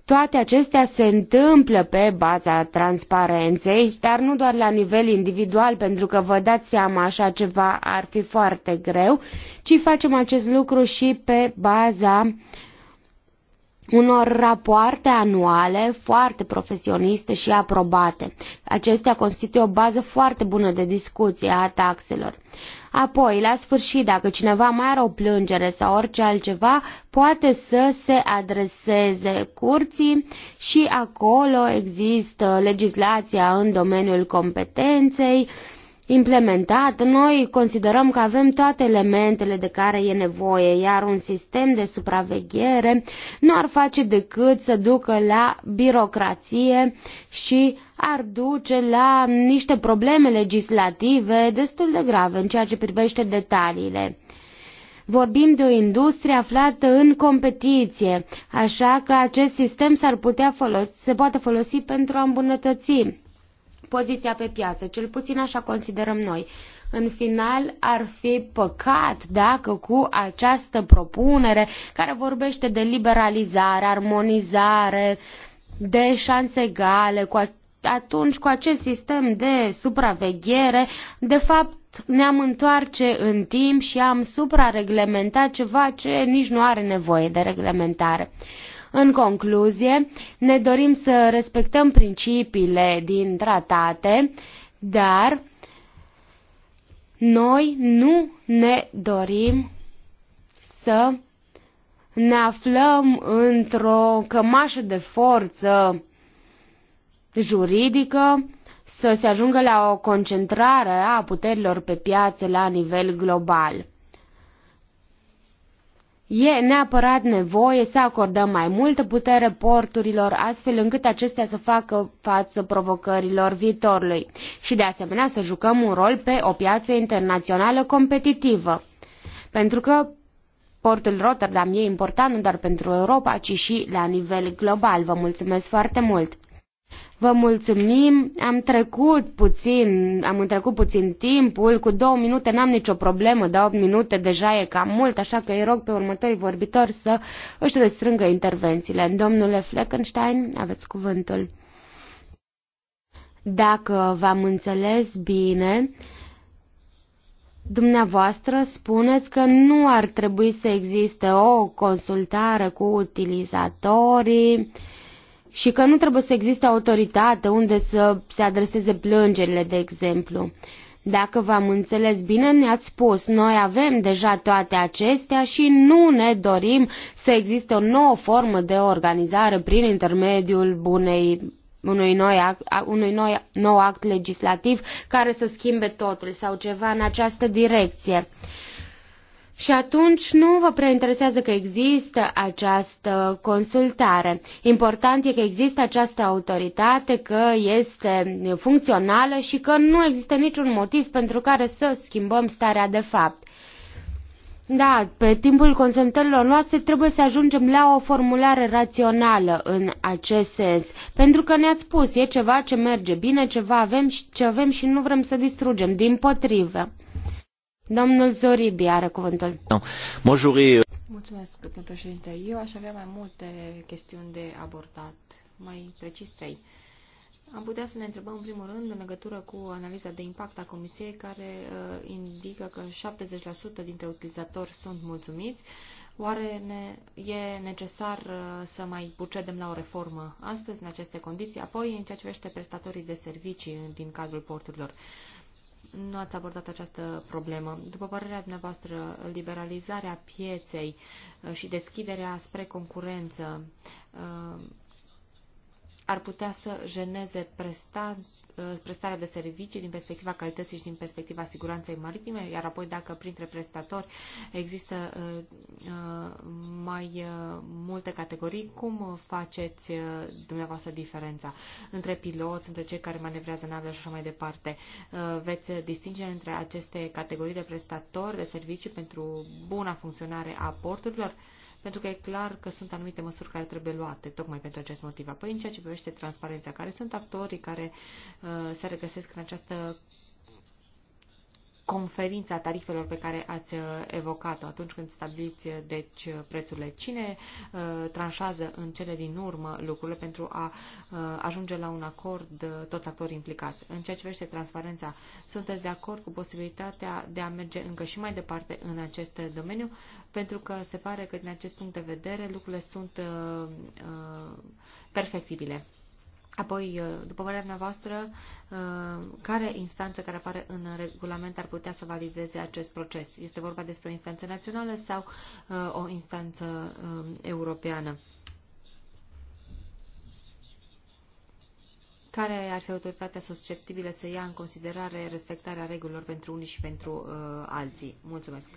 Toate acestea se întâmplă pe baza transparenței, dar nu doar la nivel individual, pentru că vă dați seama așa ceva ar fi foarte greu, ci facem acest lucru și pe baza uh, unor rapoarte anuale foarte profesioniste și aprobate. Acestea constituie o bază foarte bună de discuție a taxelor. Apoi, la sfârșit, dacă cineva mai are o plângere sau orice altceva, poate să se adreseze curții și acolo există legislația în domeniul competenței, implementat, noi considerăm că avem toate elementele de care e nevoie, iar un sistem de supraveghere nu ar face decât să ducă la birocrație și ar duce la niște probleme legislative destul de grave în ceea ce privește detaliile. Vorbim de o industrie aflată în competiție, așa că acest sistem s-ar putea folosi, se poate folosi pentru a îmbunătăți poziția pe piață, cel puțin așa considerăm noi. În final, ar fi păcat dacă cu această propunere care vorbește de liberalizare, armonizare, de șanse egale, cu atunci cu acest sistem de supraveghere, de fapt, ne-am întoarce în timp și am suprareglementat ceva ce nici nu are nevoie de reglementare. În concluzie, ne dorim să respectăm principiile din tratate, dar noi nu ne dorim să ne aflăm într-o cămașă de forță juridică, să se ajungă la o concentrare a puterilor pe piață la nivel global. E neapărat nevoie să acordăm mai multă putere porturilor, astfel încât acestea să facă față provocărilor viitorului și, de asemenea, să jucăm un rol pe o piață internațională competitivă. Pentru că portul Rotterdam e important nu doar pentru Europa, ci și la nivel global. Vă mulțumesc foarte mult! Vă mulțumim, am trecut puțin, am întrecut puțin timpul, cu două minute n-am nicio problemă, dar opt minute deja e cam mult, așa că îi rog pe următorii vorbitori să își restrângă intervențiile. Domnule Fleckenstein, aveți cuvântul. Dacă v-am înțeles bine, Dumneavoastră spuneți că nu ar trebui să existe o consultare cu utilizatorii, și că nu trebuie să existe autoritate unde să se adreseze plângerile, de exemplu. Dacă v-am înțeles bine, ne-ați spus, noi avem deja toate acestea și nu ne dorim să existe o nouă formă de organizare prin intermediul bunei unui, noi act, unui noi, nou act legislativ care să schimbe totul sau ceva în această direcție. Uh, și atunci nu vă prea interesează că există această consultare. Important e că există această autoritate, că este funcțională și că nu există niciun motiv pentru care să schimbăm starea de fapt. Da, pe timpul consultărilor noastre trebuie să ajungem la o formulare rațională în acest sens, pentru că ne-ați spus, e ceva ce merge bine, ceva avem și, ce avem și nu vrem să distrugem, din potrivă. Domnul Zoribi are cuvântul. No. Mă Mulțumesc, domnul președinte. Eu aș avea mai multe chestiuni de abordat, mai precis trei. Am putea să ne întrebăm, în primul rând, în legătură cu analiza de impact a Comisiei, care uh, indică că 70% dintre utilizatori sunt mulțumiți. Oare ne, e necesar uh, să mai procedem la o reformă astăzi, în aceste condiții? Apoi, în ceea ce privește prestatorii de servicii din cadrul porturilor. Uh, nu ați abordat această problemă. După părerea dumneavoastră, liberalizarea pieței uh, și deschiderea spre concurență uh, ar putea să jeneze prestat Uh, prestarea de servicii din perspectiva calității și din perspectiva siguranței maritime, iar apoi dacă printre prestatori există uh, uh, mai multe categorii, cum faceți dumneavoastră diferența între piloți, între cei care manevrează navele și așa mai departe? Veți distinge între aceste categorii de prestatori de servicii pentru buna funcționare a porturilor? pentru că e clar că sunt anumite măsuri care trebuie luate tocmai pentru acest motiv. Apoi, în ceea ce privește transparența, care sunt actorii care uh, se regăsesc în această conferința tarifelor pe care ați uh, evocat-o atunci când stabiliți uh, deci uh, prețurile. Cine tranșează în cele din urmă lucrurile pentru a ajunge la un acord toți actorii implicați? În ceea ce privește transparența, sunteți de acord cu posibilitatea de a merge încă și mai departe în acest domeniu? Pentru că se pare că din acest punct de vedere lucrurile sunt perfectibile. Apoi, uh, după părerea noastră, uh, care instanță care apare în regulament ar putea să valideze acest proces? Este vorba despre o instanță națională sau uh, o instanță um, europeană? Care ar fi autoritatea susceptibilă să ia în considerare respectarea regulilor pentru unii și pentru alții? Mulțumesc!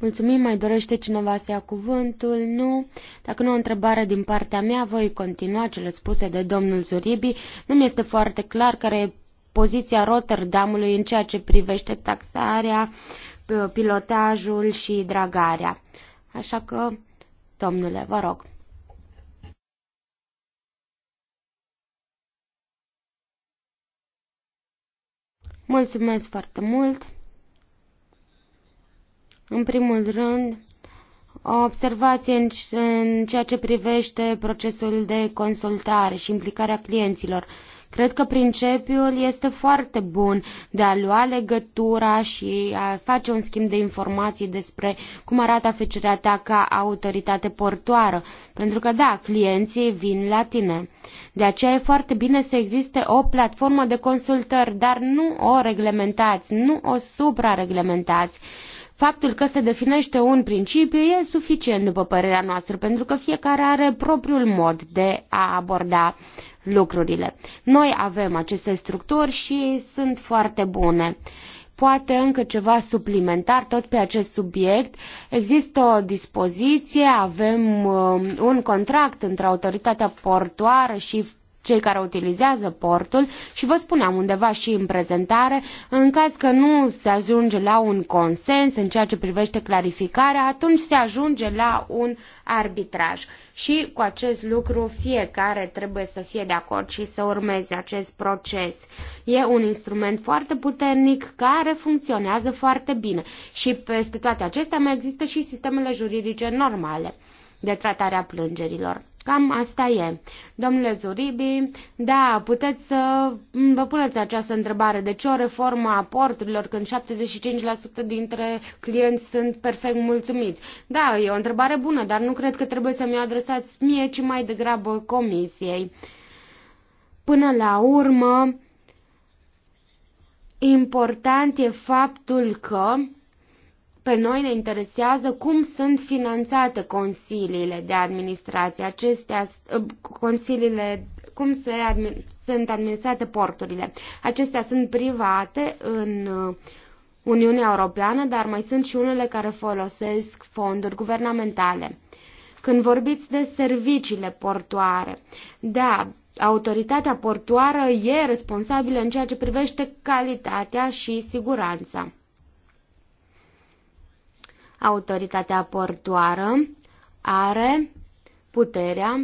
Mulțumim, mai dorește cineva să ia cuvântul? Nu. Dacă nu o întrebare din partea mea, voi continua cele spuse de domnul Zuribi. Nu mi este foarte clar care e poziția Rotterdamului în ceea ce privește taxarea, pilotajul și dragarea. Așa că, domnule, vă rog. Mulțumesc foarte mult! În primul rând, o observație în, în ceea ce privește procesul de consultare și implicarea clienților. Cred că principiul este foarte bun de a lua legătura și a face un schimb de informații despre cum arată afecerea ta ca autoritate portoară. Pentru că, da, clienții vin la tine. De aceea e foarte bine să existe o platformă de consultări, dar nu o reglementați, nu o suprareglementați. Faptul că se definește un principiu e suficient, după părerea noastră, pentru că fiecare are propriul mod de a aborda lucrurile. Noi avem aceste structuri și sunt foarte bune poate încă ceva suplimentar tot pe acest subiect. Există o dispoziție, avem um, un contract între autoritatea portoară și cei care utilizează portul și vă spuneam undeva și în prezentare, în caz că nu se ajunge la un consens în ceea ce privește clarificarea, atunci se ajunge la un arbitraj. Și cu acest lucru fiecare trebuie să fie de acord și să urmeze acest proces. E un instrument foarte puternic care funcționează foarte bine și peste toate acestea mai există și sistemele juridice normale de tratarea plângerilor. Cam asta e. Domnule Zuribi, da, puteți să vă puneți această întrebare. De ce o reformă a porturilor când 75% dintre clienți sunt perfect mulțumiți? Da, e o întrebare bună, dar nu cred că trebuie să mi-o adresați mie, ci mai degrabă comisiei. Până la urmă, important e faptul că pe noi ne interesează cum sunt finanțate consiliile de administrație, acestea, ă, consiliile, cum se admi, sunt administrate porturile. Acestea sunt private în uh, Uniunea Europeană, dar mai sunt și unele care folosesc fonduri guvernamentale. Când vorbiți de serviciile portoare, da, autoritatea portoară e responsabilă în ceea ce privește calitatea și siguranța. Autoritatea portoară are puterea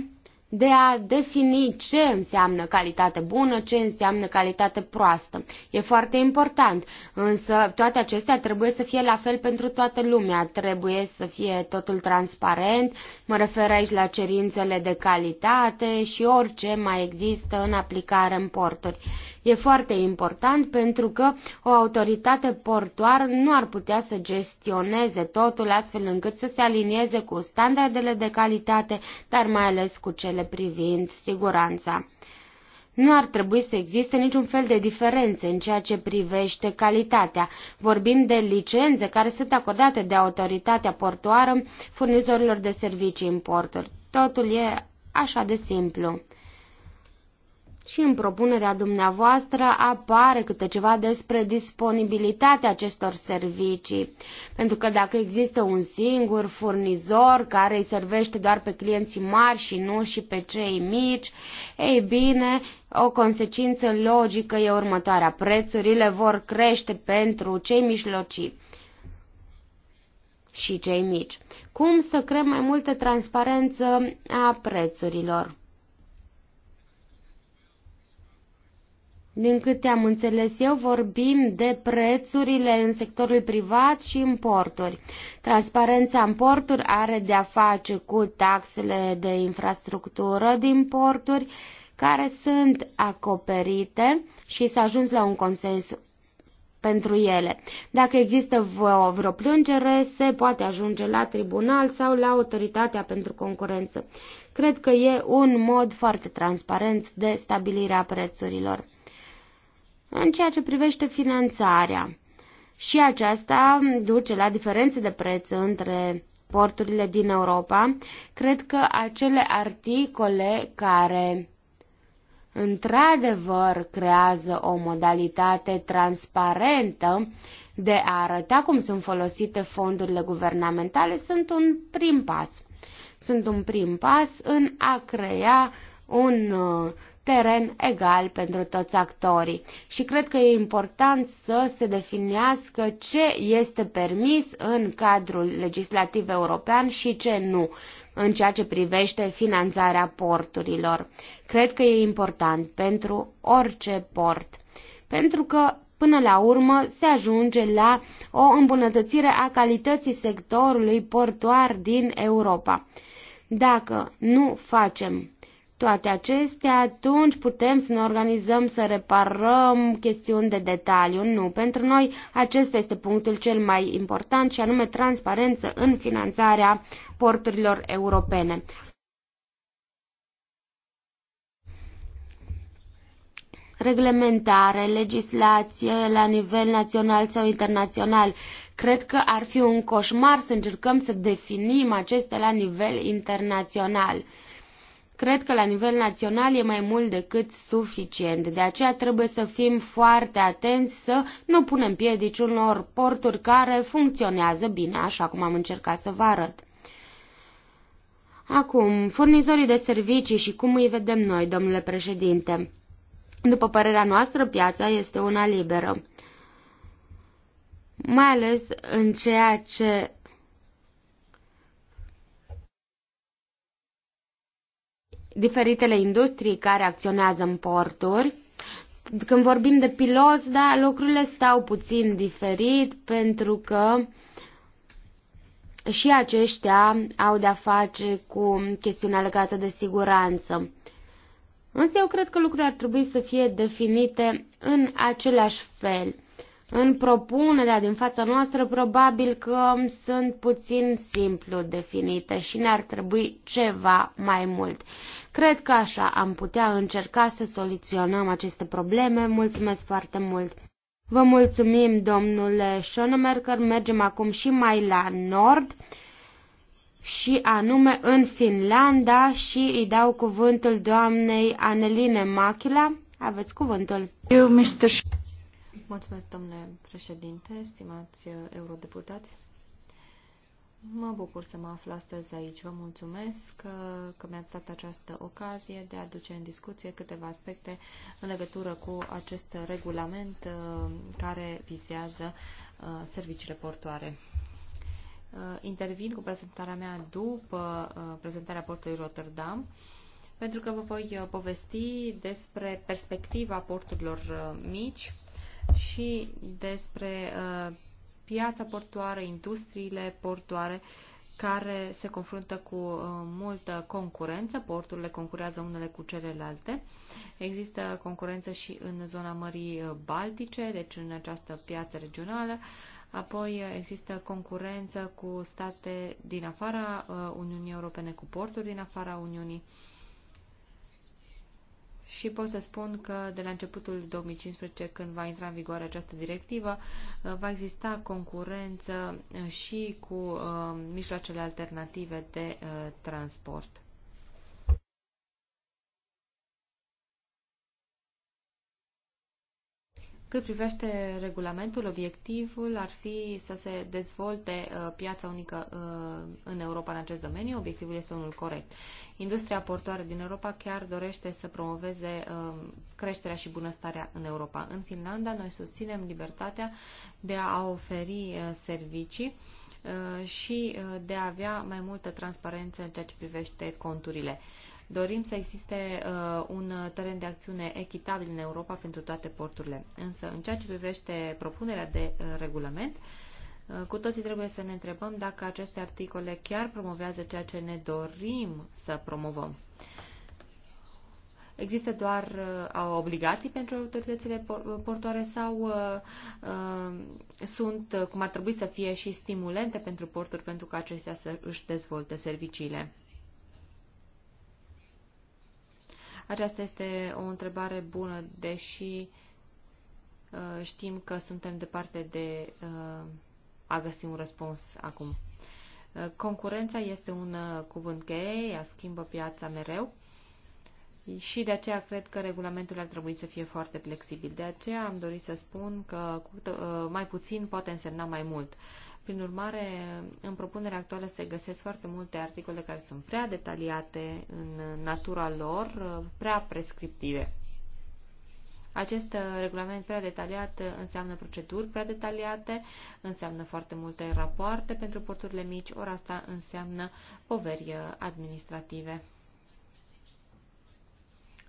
de a defini ce înseamnă calitate bună, ce înseamnă calitate proastă. E foarte important, însă toate acestea trebuie să fie la fel pentru toată lumea, trebuie să fie totul transparent, mă refer aici la cerințele de calitate și orice mai există în aplicare în porturi. E foarte important pentru că o autoritate portoară nu ar putea să gestioneze totul astfel încât să se alinieze cu standardele de calitate, dar mai ales cu cele privind siguranța. Nu ar trebui să existe niciun fel de diferențe în ceea ce privește calitatea. Vorbim de licențe care sunt acordate de autoritatea portoară furnizorilor de servicii în porturi. Totul e așa de simplu și în propunerea dumneavoastră apare câte ceva despre disponibilitatea acestor servicii. Pentru că dacă există un singur furnizor care îi servește doar pe clienții mari și nu și pe cei mici, ei bine, o consecință logică e următoarea. Prețurile vor crește pentru cei mijlocii și cei mici. Cum să creăm mai multă transparență a prețurilor? Din câte am înțeles eu, vorbim de prețurile în sectorul privat și în porturi. Transparența în porturi are de-a face cu taxele de infrastructură din porturi, care sunt acoperite și s-a ajuns la un consens pentru ele. Dacă există vreo, vreo plângere, se poate ajunge la tribunal sau la autoritatea pentru concurență. Cred că e un mod foarte transparent de stabilirea prețurilor în ceea ce privește finanțarea. Și aceasta duce la diferențe de preț între porturile din Europa. Cred că acele articole care într-adevăr creează o modalitate transparentă de a arăta cum sunt folosite fondurile guvernamentale sunt un prim pas. Sunt un prim pas în a crea un uh, teren egal pentru toți actorii. Și cred că e important să se definească ce este permis în cadrul legislativ european și ce nu în ceea ce privește finanțarea porturilor. Cred că e important pentru orice port, pentru că până la urmă se ajunge la o îmbunătățire a calității sectorului portuar din Europa. Dacă nu facem toate acestea, atunci putem să ne organizăm, să reparăm chestiuni de detaliu. Nu, pentru noi acesta este punctul cel mai important și anume transparență în finanțarea porturilor europene. Reglementare, legislație la nivel național sau internațional. Cred că ar fi un coșmar să încercăm să definim acestea la nivel internațional cred că la nivel național e mai mult decât suficient. De aceea trebuie să fim foarte atenți să nu punem piedici unor porturi care funcționează bine, așa cum am încercat să vă arăt. Acum, furnizorii de servicii și cum îi vedem noi, domnule președinte. După părerea noastră, piața este una liberă. Mai ales în ceea ce diferitele industrii care acționează în porturi. Când vorbim de piloți, da, lucrurile stau puțin diferit pentru că și aceștia au de-a face cu chestiunea legată de siguranță. Însă eu cred că lucrurile ar trebui să fie definite în același fel. În propunerea din fața noastră, probabil că sunt puțin simplu definite și ne-ar trebui ceva mai mult. Cred că așa am putea încerca să soluționăm aceste probleme. Mulțumesc foarte mult! Vă mulțumim, domnule Schonemerker. Mergem acum și mai la nord și anume în Finlanda și îi dau cuvântul doamnei Aneline Machila. Aveți cuvântul. Eu, Mr. Mulțumesc, domnule președinte, stimați eurodeputați. Mă bucur să mă aflu astăzi aici. Vă mulțumesc că, că mi-ați dat această ocazie de a aduce în discuție câteva aspecte în legătură cu acest regulament uh, care vizează uh, serviciile portoare. Uh, intervin cu prezentarea mea după prezentarea portului Rotterdam pentru că vă voi povesti despre perspectiva porturilor mici și despre piața portoară, industriile portoare care se confruntă cu uh, multă concurență, porturile concurează unele cu celelalte. Există concurență și în zona Mării uh, Baltice, deci în această piață regională. Apoi uh, există concurență cu state din afara Uniunii Europene, cu porturi din afara Uniunii. Uh, și pot să spun că de la începutul 2015, când va intra în vigoare această directivă, uh, va exista concurență uh, și cu uh, mijloacele alternative de transport. Cât privește regulamentul, obiectivul ar fi să se dezvolte uh, piața unică uh, în Europa în acest domeniu. Obiectivul este unul corect. Industria portoare din Europa chiar dorește să promoveze uh, creșterea și bunăstarea în Europa. În Finlanda, noi susținem libertatea de a oferi servicii și de a avea mai multă transparență în ceea ce privește conturile. Dorim să existe uh, un teren de acțiune echitabil în Europa pentru toate porturile. Însă, în ceea ce privește propunerea de uh, regulament, uh, cu toții trebuie să ne întrebăm dacă aceste articole chiar promovează ceea ce ne dorim să promovăm. Există doar uh, obligații pentru autoritățile uh, portoare sau uh, uh, sunt, uh, cum ar trebui să fie, și stimulente pentru porturi pentru ca acestea să își dezvolte serviciile. Aceasta este o întrebare bună, deși uh, știm că suntem departe de uh, a găsi un răspuns acum. Uh, concurența este un cuvânt cheie, ea schimbă piața mereu și de aceea cred că regulamentul ar trebui să fie foarte flexibil. De aceea am dorit să spun că mai puțin poate însemna mai mult. Prin urmare, în propunerea actuală se găsesc foarte multe articole care sunt prea detaliate în natura lor, prea prescriptive. Acest regulament prea detaliat înseamnă proceduri prea detaliate, înseamnă foarte multe rapoarte pentru porturile mici, ori asta înseamnă poveri administrative.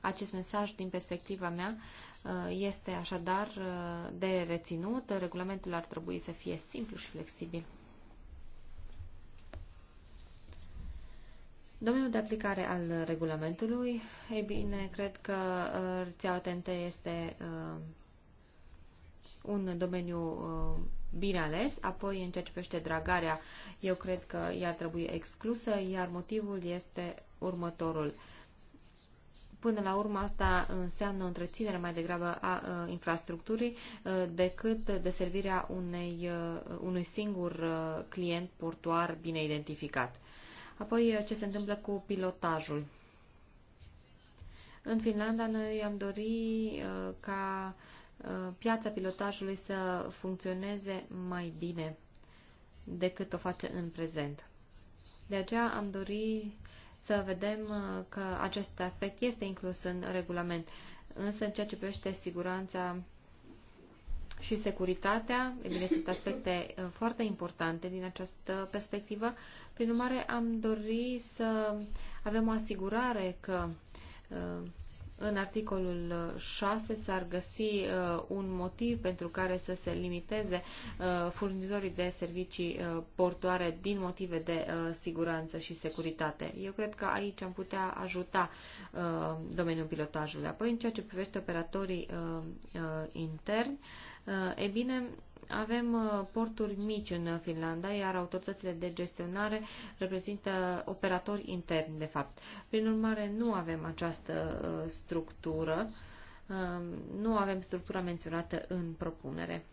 Acest mesaj, din perspectiva mea, uh, este așadar uh, de reținut. Regulamentul ar trebui să fie simplu și flexibil. Domeniul de aplicare al regulamentului, ei bine, cred că rețeaua uh, TNT este un domeniu bine ales. Apoi, în ceea ce privește dragarea, eu cred că ea ar trebui exclusă, iar motivul este următorul. Până la urmă, asta înseamnă întreținerea mai degrabă a infrastructurii decât deservirea unei, unui singur client portuar bine identificat. Apoi, ce se întâmplă cu pilotajul? În Finlanda, noi am dorit ca piața pilotajului să funcționeze mai bine decât o face în prezent. De aceea am dorit să vedem uh, că acest aspect este inclus în regulament. Însă, în ceea ce privește siguranța și securitatea, e bine, sunt aspecte uh, foarte importante din această perspectivă. Prin urmare, am dori să avem o asigurare că uh, în articolul 6 s-ar găsi uh, un motiv pentru care să se limiteze uh, furnizorii de servicii uh, portoare din motive de uh, siguranță și securitate. Eu cred că aici am putea ajuta uh, domeniul pilotajului. Apoi, în ceea ce privește operatorii uh, uh, interni, uh, e bine, avem uh, porturi mici în Finlanda, iar autoritățile de gestionare reprezintă operatori interni, de fapt. Prin urmare, nu avem această uh, structură, um, nu avem structura menționată în propunere.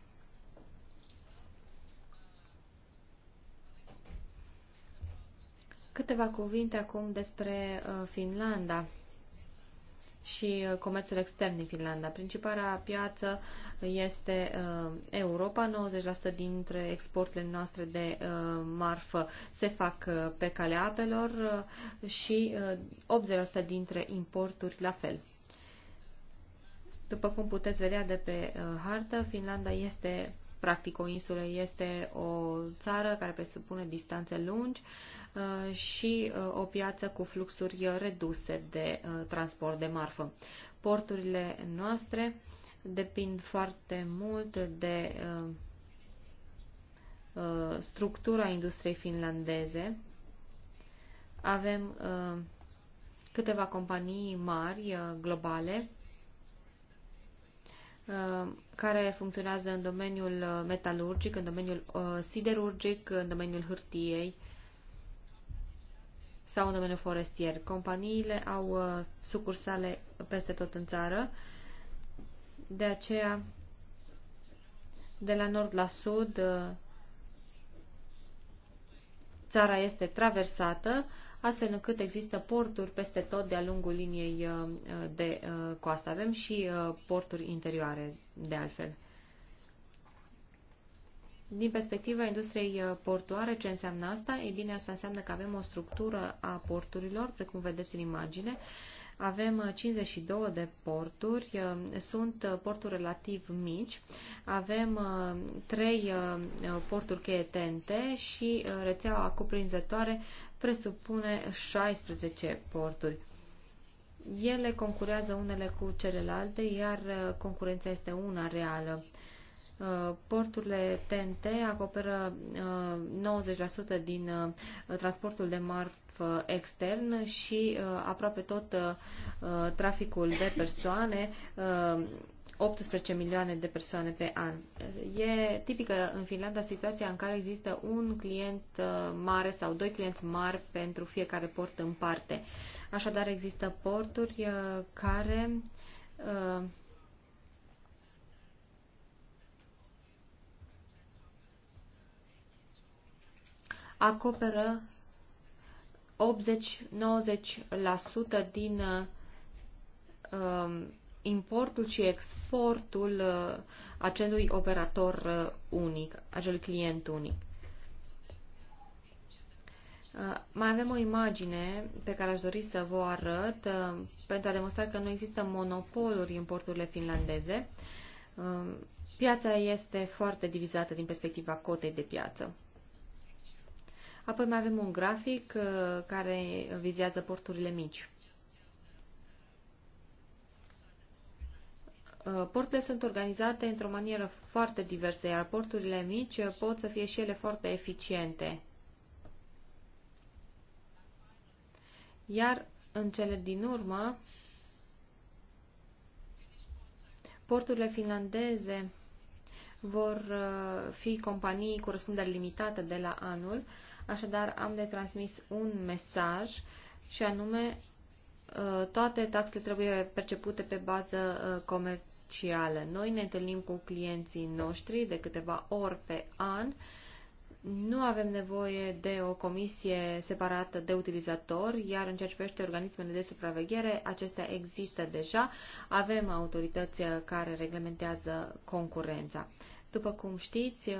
Câteva cuvinte acum despre uh, Finlanda și uh, comerțul extern din Finlanda. Principala piață uh, este uh, Europa. 90% dintre exporturile noastre de marfă se fac pe calea apelor și 80% dintre importuri la fel. După cum puteți vedea de pe hartă, Finlanda este practic o insulă este o țară care presupune distanțe lungi uh, și uh, o piață cu fluxuri reduse de uh, transport de marfă. Porturile noastre depind foarte mult de structura industriei finlandeze. Avem câteva companii mari globale care funcționează în domeniul uh, metalurgic, în domeniul uh, siderurgic, în domeniul hârtiei sau în domeniul forestier. Companiile au uh, sucursale peste tot în țară, de aceea de la nord la sud țara este traversată astfel încât există porturi peste tot de-a lungul liniei uh, de uh, coastă. Avem și uh, porturi interioare, de altfel. Din perspectiva industriei portoare, ce înseamnă asta? Ei bine, asta înseamnă că avem o structură a porturilor, precum vedeți în imagine, avem 52 uh, de porturi, uh, sunt uh, porturi relativ mici, avem 3 porturi cheie și rețeaua cuprinzătoare presupune 16 porturi. Ele concurează unele cu celelalte, iar concurența este una reală. Porturile TNT acoperă 90% din transportul de marfă Uh, extern și uh, aproape tot uh, traficul de persoane 18 milioane de persoane pe an. E tipică în Finlanda situația în care există un client mare sau doi clienți mari pentru fiecare port în parte. Așadar, există porturi care acoperă 80-90% din uh, importul și exportul uh, acelui operator uh, unic, acel client unic. Uh, mai avem o imagine pe care aș dori să vă arăt uh, pentru a demonstra că nu există monopoluri în porturile finlandeze. Uh, piața este foarte divizată din perspectiva cotei de piață. Apoi mai avem un grafic uh, care vizează porturile mici. Uh, porturile sunt organizate într-o manieră foarte diversă, iar porturile mici uh, pot să fie și ele foarte eficiente. Iar în cele din urmă, porturile finlandeze vor fi companii cu răspundere limitată de la anul, Așadar, am de transmis un mesaj și anume uh, toate taxele trebuie percepute pe bază uh, comercială. Noi ne întâlnim cu clienții noștri de câteva ori pe an. Nu avem nevoie de o comisie separată de utilizator, iar în ceea ce privește organismele de supraveghere, acestea există deja. Avem autorități uh, care reglementează concurența. După cum știți,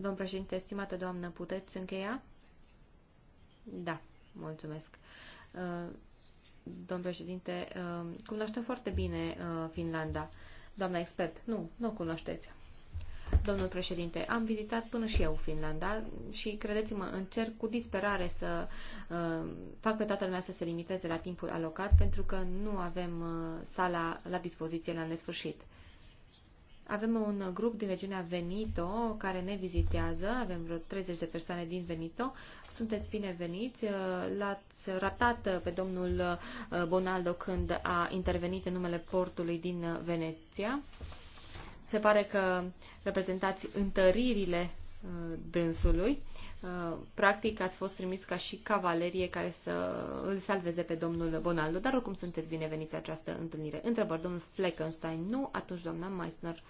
Domn președinte, stimată doamnă, puteți încheia? Da, mulțumesc. Uh, domn președinte, uh, cunoaștem foarte bine uh, Finlanda. Doamna expert, nu, nu o cunoașteți. Domnul președinte, am vizitat până și eu Finlanda și, credeți-mă, încerc cu disperare să uh, fac pe toată lumea să se limiteze la timpul alocat, pentru că nu avem uh, sala la dispoziție la nesfârșit. Avem un grup din regiunea Venito care ne vizitează, avem vreo 30 de persoane din Venito. Sunteți bineveniți. L-ați ratat pe domnul uh, Bonaldo când a intervenit în numele portului din Veneția. Se pare că reprezentați întăririle uh, dânsului. Uh, practic ați fost trimis ca și cavalerie care să îl salveze pe domnul Bonaldo, dar oricum sunteți bineveniți această întâlnire. Întrebări, domnul Fleckenstein, nu, atunci doamna Meissner.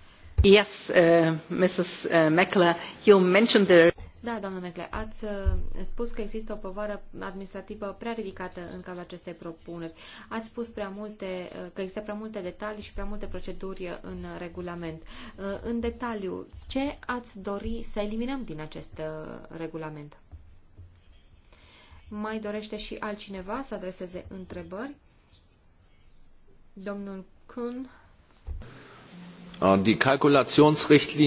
Yes, uh, Mrs. Uh, Meckler, you mentioned the... Da, doamnă Mecle, ați uh, spus că există o povară administrativă prea ridicată în cazul acestei propuneri. Ați spus prea multe, uh, că există prea multe detalii și prea multe proceduri în regulament. În detaliu, ce ați dori să eliminăm din acest regulament? Mai dorește și altcineva să adreseze întrebări? Domnul Kuhn. Äh,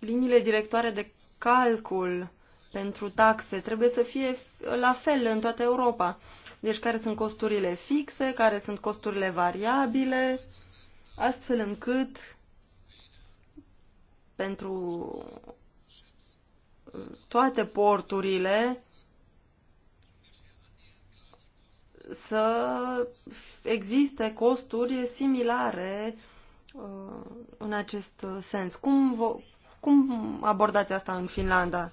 Liniile directoare de calcul pentru taxe trebuie să fie la fel în toată Europa. Deci care sunt costurile fixe, care sunt costurile variabile, astfel încât pentru toate porturile să existe costuri similare uh, în acest sens. Cum, vo, cum abordați asta în Finlanda?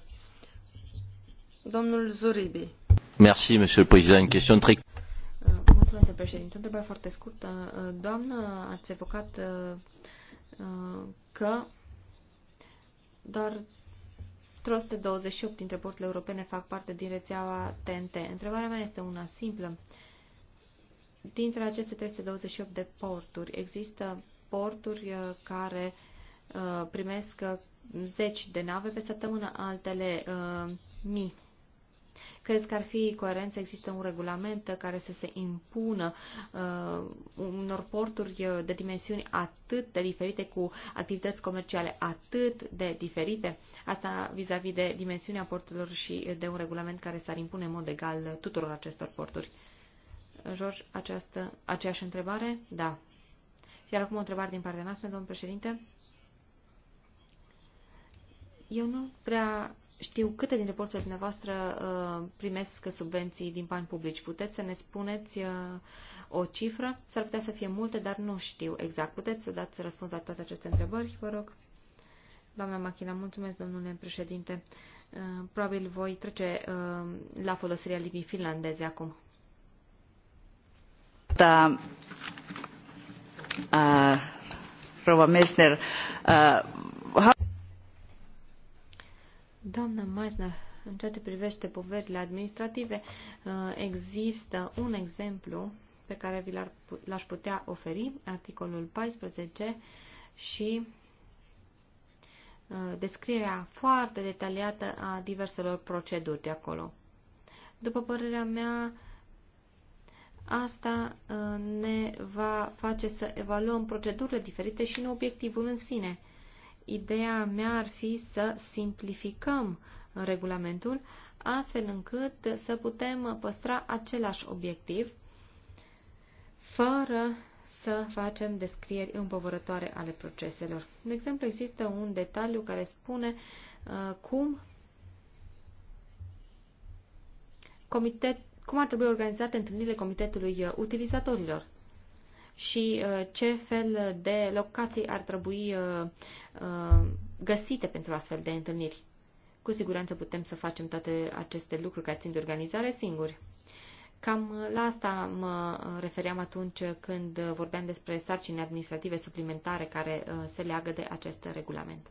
Domnul Zuribi. Merci, monsieur le président. Une question très... Uh, mulțumesc, președinte. O întrebare foarte scurtă. Uh, doamnă, ați evocat că doar 328 dintre porturile europene fac parte din rețeaua TNT. Întrebarea mea este una simplă. Uh, Dintre aceste 328 de porturi, există porturi uh, care uh, primesc uh, zeci de nave pe săptămână, altele mii. Crezi că ar fi coerent să există un regulament care să se impună uh, unor porturi de dimensiuni atât de diferite cu activități comerciale atât de diferite? Asta vis-a-vis -vis de dimensiunea porturilor și de un regulament care s-ar impune în mod egal tuturor acestor porturi. George, această, aceeași întrebare? Da. Iar acum o întrebare din partea mea, domnul președinte. Eu nu prea știu câte din reporturile dumneavoastră uh, primesc subvenții din bani publici. Puteți să ne spuneți uh, o cifră? S-ar putea să fie multe, dar nu știu exact. Puteți să dați răspuns la toate aceste întrebări, vă rog? Doamna Machina, mulțumesc, domnule președinte. Uh, probabil voi trece uh, la folosirea limbii finlandeze acum. Da. Uh, Meisner, în ceea ce privește poverile administrative, există un exemplu pe care vi l-aș putea oferi, articolul 14 și descrierea foarte detaliată a diverselor proceduri de acolo. După părerea mea, Asta uh, ne va face să evaluăm procedurile diferite și nu obiectivul în sine. Ideea mea ar fi să simplificăm regulamentul astfel încât să putem păstra același obiectiv fără să facem descrieri împovărătoare ale proceselor. De exemplu, există un detaliu care spune uh, cum comitetul cum ar trebui organizate întâlnirile Comitetului uh, Utilizatorilor și uh, ce fel de locații ar trebui uh, găsite pentru astfel de întâlniri. Cu siguranță putem să facem toate aceste lucruri care țin de organizare singuri. Cam la asta mă refeream atunci când vorbeam despre sarcini administrative suplimentare care se leagă de acest regulament.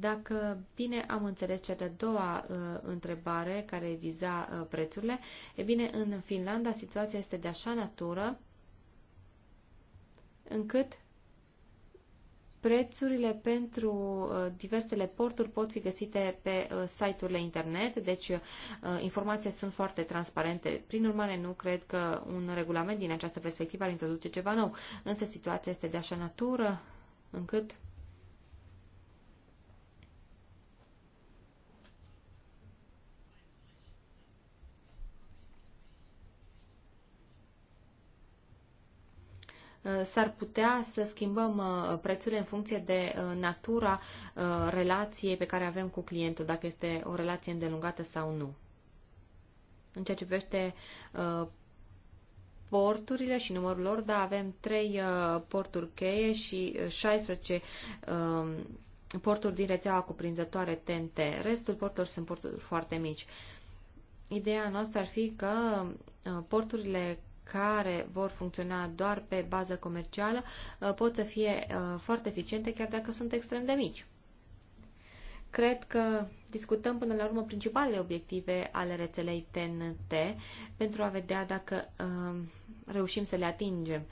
Dacă bine am înțeles cea de-a doua uh, întrebare care viza uh, prețurile, e bine, în Finlanda situația este de așa natură încât prețurile pentru uh, diversele porturi pot fi găsite pe uh, site-urile internet, deci uh, sunt foarte transparente. Prin urmare, nu cred că un regulament din această perspectivă ar introduce ceva nou, însă situația este de așa natură încât Uh, s-ar putea să schimbăm uh, prețurile în funcție de uh, natura relației pe care avem cu clientul, dacă este o relație îndelungată sau nu. În ceea ce privește porturile și numărul lor, da, avem 3 porturi cheie și 16 um, porturi din rețeaua cuprinzătoare TNT. Restul porturilor sunt porturi foarte mici. Ideea noastră ar fi că porturile care vor funcționa doar pe bază comercială uh, pot să fie uh, foarte eficiente chiar dacă sunt extrem de mici. Cred că discutăm până la urmă principalele obiective ale rețelei TNT pentru a vedea dacă uh, reușim să le atingem.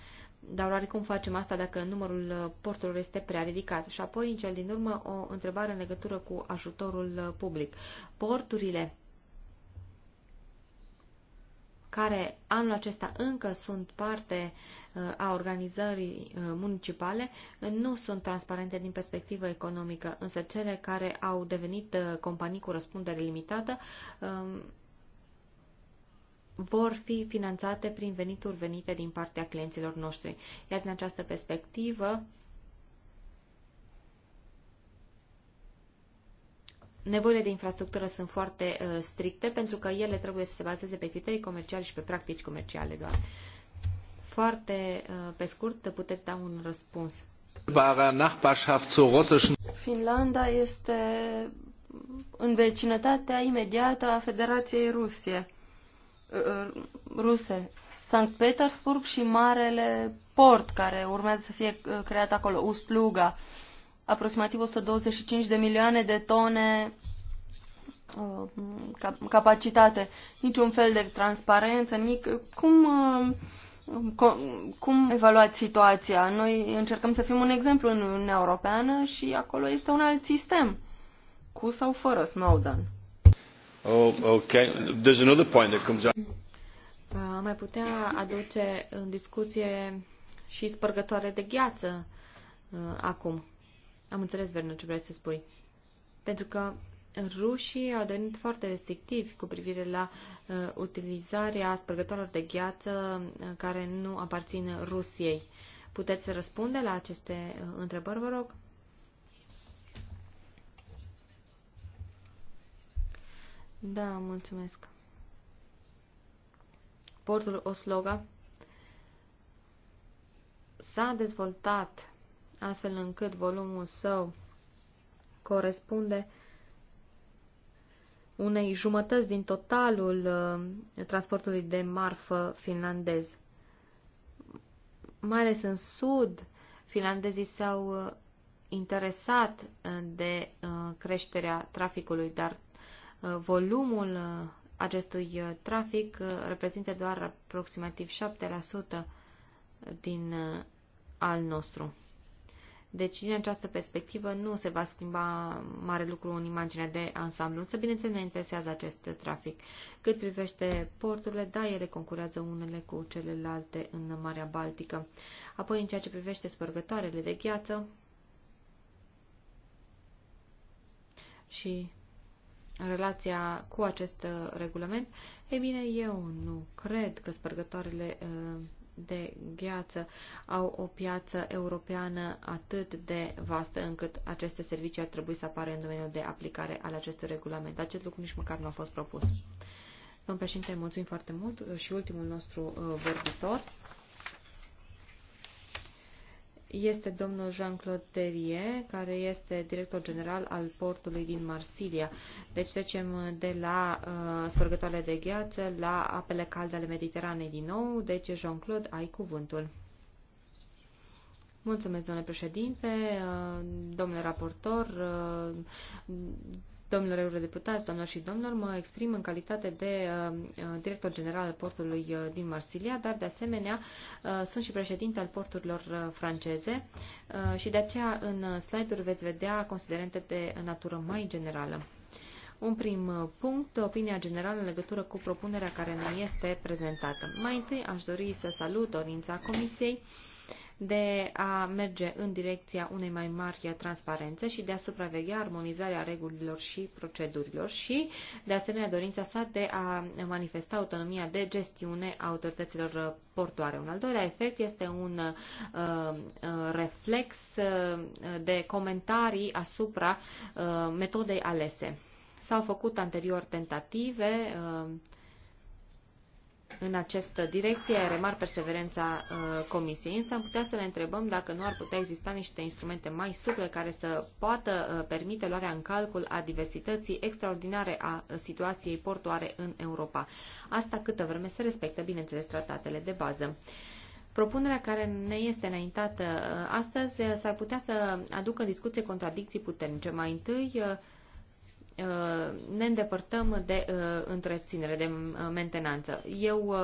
Dar oarecum facem asta dacă numărul porturilor este prea ridicat? Și apoi, în cel din urmă, o întrebare în legătură cu ajutorul public. Porturile care anul acesta încă sunt parte uh, a organizării uh, municipale, nu sunt transparente din perspectivă economică, însă cele care au devenit uh, companii cu răspundere limitată um, vor fi finanțate prin venituri venite din partea clienților noștri. Iar din această perspectivă, Nevoile de infrastructură sunt foarte uh, stricte pentru că ele trebuie să se bazeze pe criterii comerciale și pe practici comerciale doar. Foarte uh, pe scurt puteți da un răspuns. Finlanda este în vecinătatea imediată a Federației Rusie, uh, uh, ruse. Sankt Petersburg și marele port care urmează să fie uh, creat acolo, Ustluga. Uh, aproximativ 125 de milioane de tone uh, capacitate, niciun fel de transparență, nimic. Cum, uh, cum evaluați situația? Noi încercăm să fim un exemplu în Uniunea Europeană și acolo este un alt sistem, cu sau fără Snowden. Oh, okay. There's another point that comes up. Uh, am mai putea aduce în discuție și spărgătoare de gheață acum. Am înțeles, Vernon, ce vrei să spui. Pentru că rușii au devenit foarte restrictivi cu privire la uh, utilizarea spărgătorilor de gheață uh, care nu aparțin Rusiei. Puteți să răspunde la aceste uh, întrebări, vă rog? Da, mulțumesc. Portul Osloga s-a dezvoltat astfel încât volumul său corespunde unei jumătăți din totalul uh, transportului de marfă finlandez. Mai ales în sud, finlandezii s-au uh, interesat uh, de creșterea traficului, dar volumul acestui trafic reprezintă doar aproximativ 7% din al nostru. Deci, din această perspectivă, nu se va schimba mare lucru în imaginea de ansamblu, însă, bineînțeles, ne interesează acest trafic. Cât privește porturile, da, ele concurează unele cu celelalte în Marea Baltică. Apoi, în ceea ce privește spărgătoarele de gheață și relația cu acest regulament, e bine, eu nu cred că spărgătoarele uh, de gheață au o piață europeană atât de vastă încât aceste servicii ar trebui să apară în domeniul de aplicare al acestui regulament. Acest lucru nici măcar nu a fost propus. Domn președinte, mulțumim foarte mult și ultimul nostru uh, vorbitor este domnul Jean-Claude Terrier, care este director general al portului din Marsilia. Deci trecem uh, de la uh, spărgătoarele de gheață la apele calde ale Mediteranei din nou. Deci, Jean-Claude, ai cuvântul. Mulțumesc, domnule președinte, uh, domnule raportor, uh, Domnilor eurodeputați, doamnelor și domnilor, mă exprim în calitate de uh, uh, director general al portului uh, din Marsilia, dar de asemenea sunt și președinte al porturilor franceze și de aceea în slide-uri veți vedea considerente de natură mai generală. Un prim punct, opinia generală în legătură cu propunerea care ne este prezentată. Mai întâi aș dori să salut dorința Comisiei uh, de a merge în direcția unei mai mari transparențe și de a supraveghea armonizarea regulilor și procedurilor și, de asemenea, dorința sa de a manifesta autonomia de gestiune a autorităților portoare. Un al doilea efect este un uh, uh reflex uh, de comentarii asupra uh, metodei alese. S-au făcut anterior tentative uh, în această direcție, remar perseverența uh, Comisiei, însă am putea să le întrebăm dacă nu ar putea exista niște instrumente mai suple care să poată uh, permite luarea în calcul a diversității extraordinare a uh, situației portoare în Europa. Asta câtă vreme se respectă, bineînțeles, tratatele de bază. Propunerea care ne este înaintată astăzi s-ar putea să aducă în discuție contradicții puternice. Mai întâi, Uh, ne îndepărtăm de uh, întreținere, de uh, mentenanță. Eu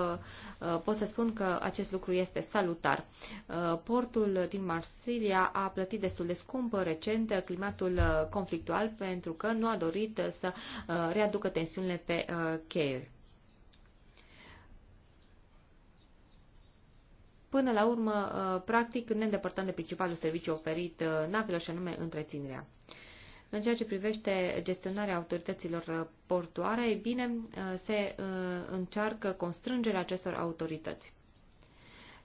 pot să spun că acest lucru este salutar. Portul din Marsilia a plătit destul de scump recent climatul conflictual pentru că nu a dorit să readucă tensiunile pe cheiuri. Până la urmă, practic, ne îndepărtăm de principalul serviciu oferit navilor și anume întreținerea. În ceea ce privește gestionarea autorităților uh, portoare, e bine, uh, se uh, încearcă constrângerea acestor autorități.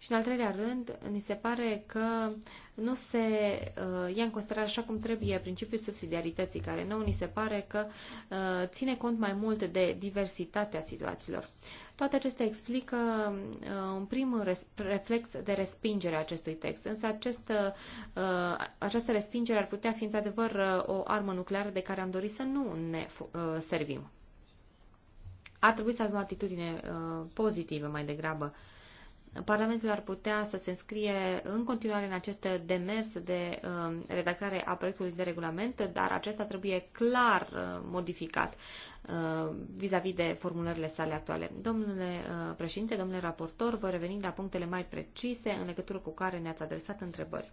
Și în al treilea rând, ni se pare că nu se uh, ia în considerare așa cum trebuie principiul subsidiarității, care nouă ni se pare că uh, ține cont mai mult de diversitatea situațiilor. Toate acestea explică uh, un prim reflex de respingere a acestui text, însă acest, uh, uh, această respingere ar putea fi într-adevăr uh, o armă nucleară de care am dorit să nu ne uh, servim. Ar trebui să avem o atitudine uh, pozitivă mai degrabă Parlamentul ar putea să se înscrie în continuare în acest demers de um, redactare a proiectului de regulament, dar acesta trebuie clar uh, modificat uh, vis-a-vis -vis de formulările sale actuale. Domnule uh, președinte, domnule raportor, vă revenim la punctele mai precise în legătură cu care ne-ați adresat întrebări.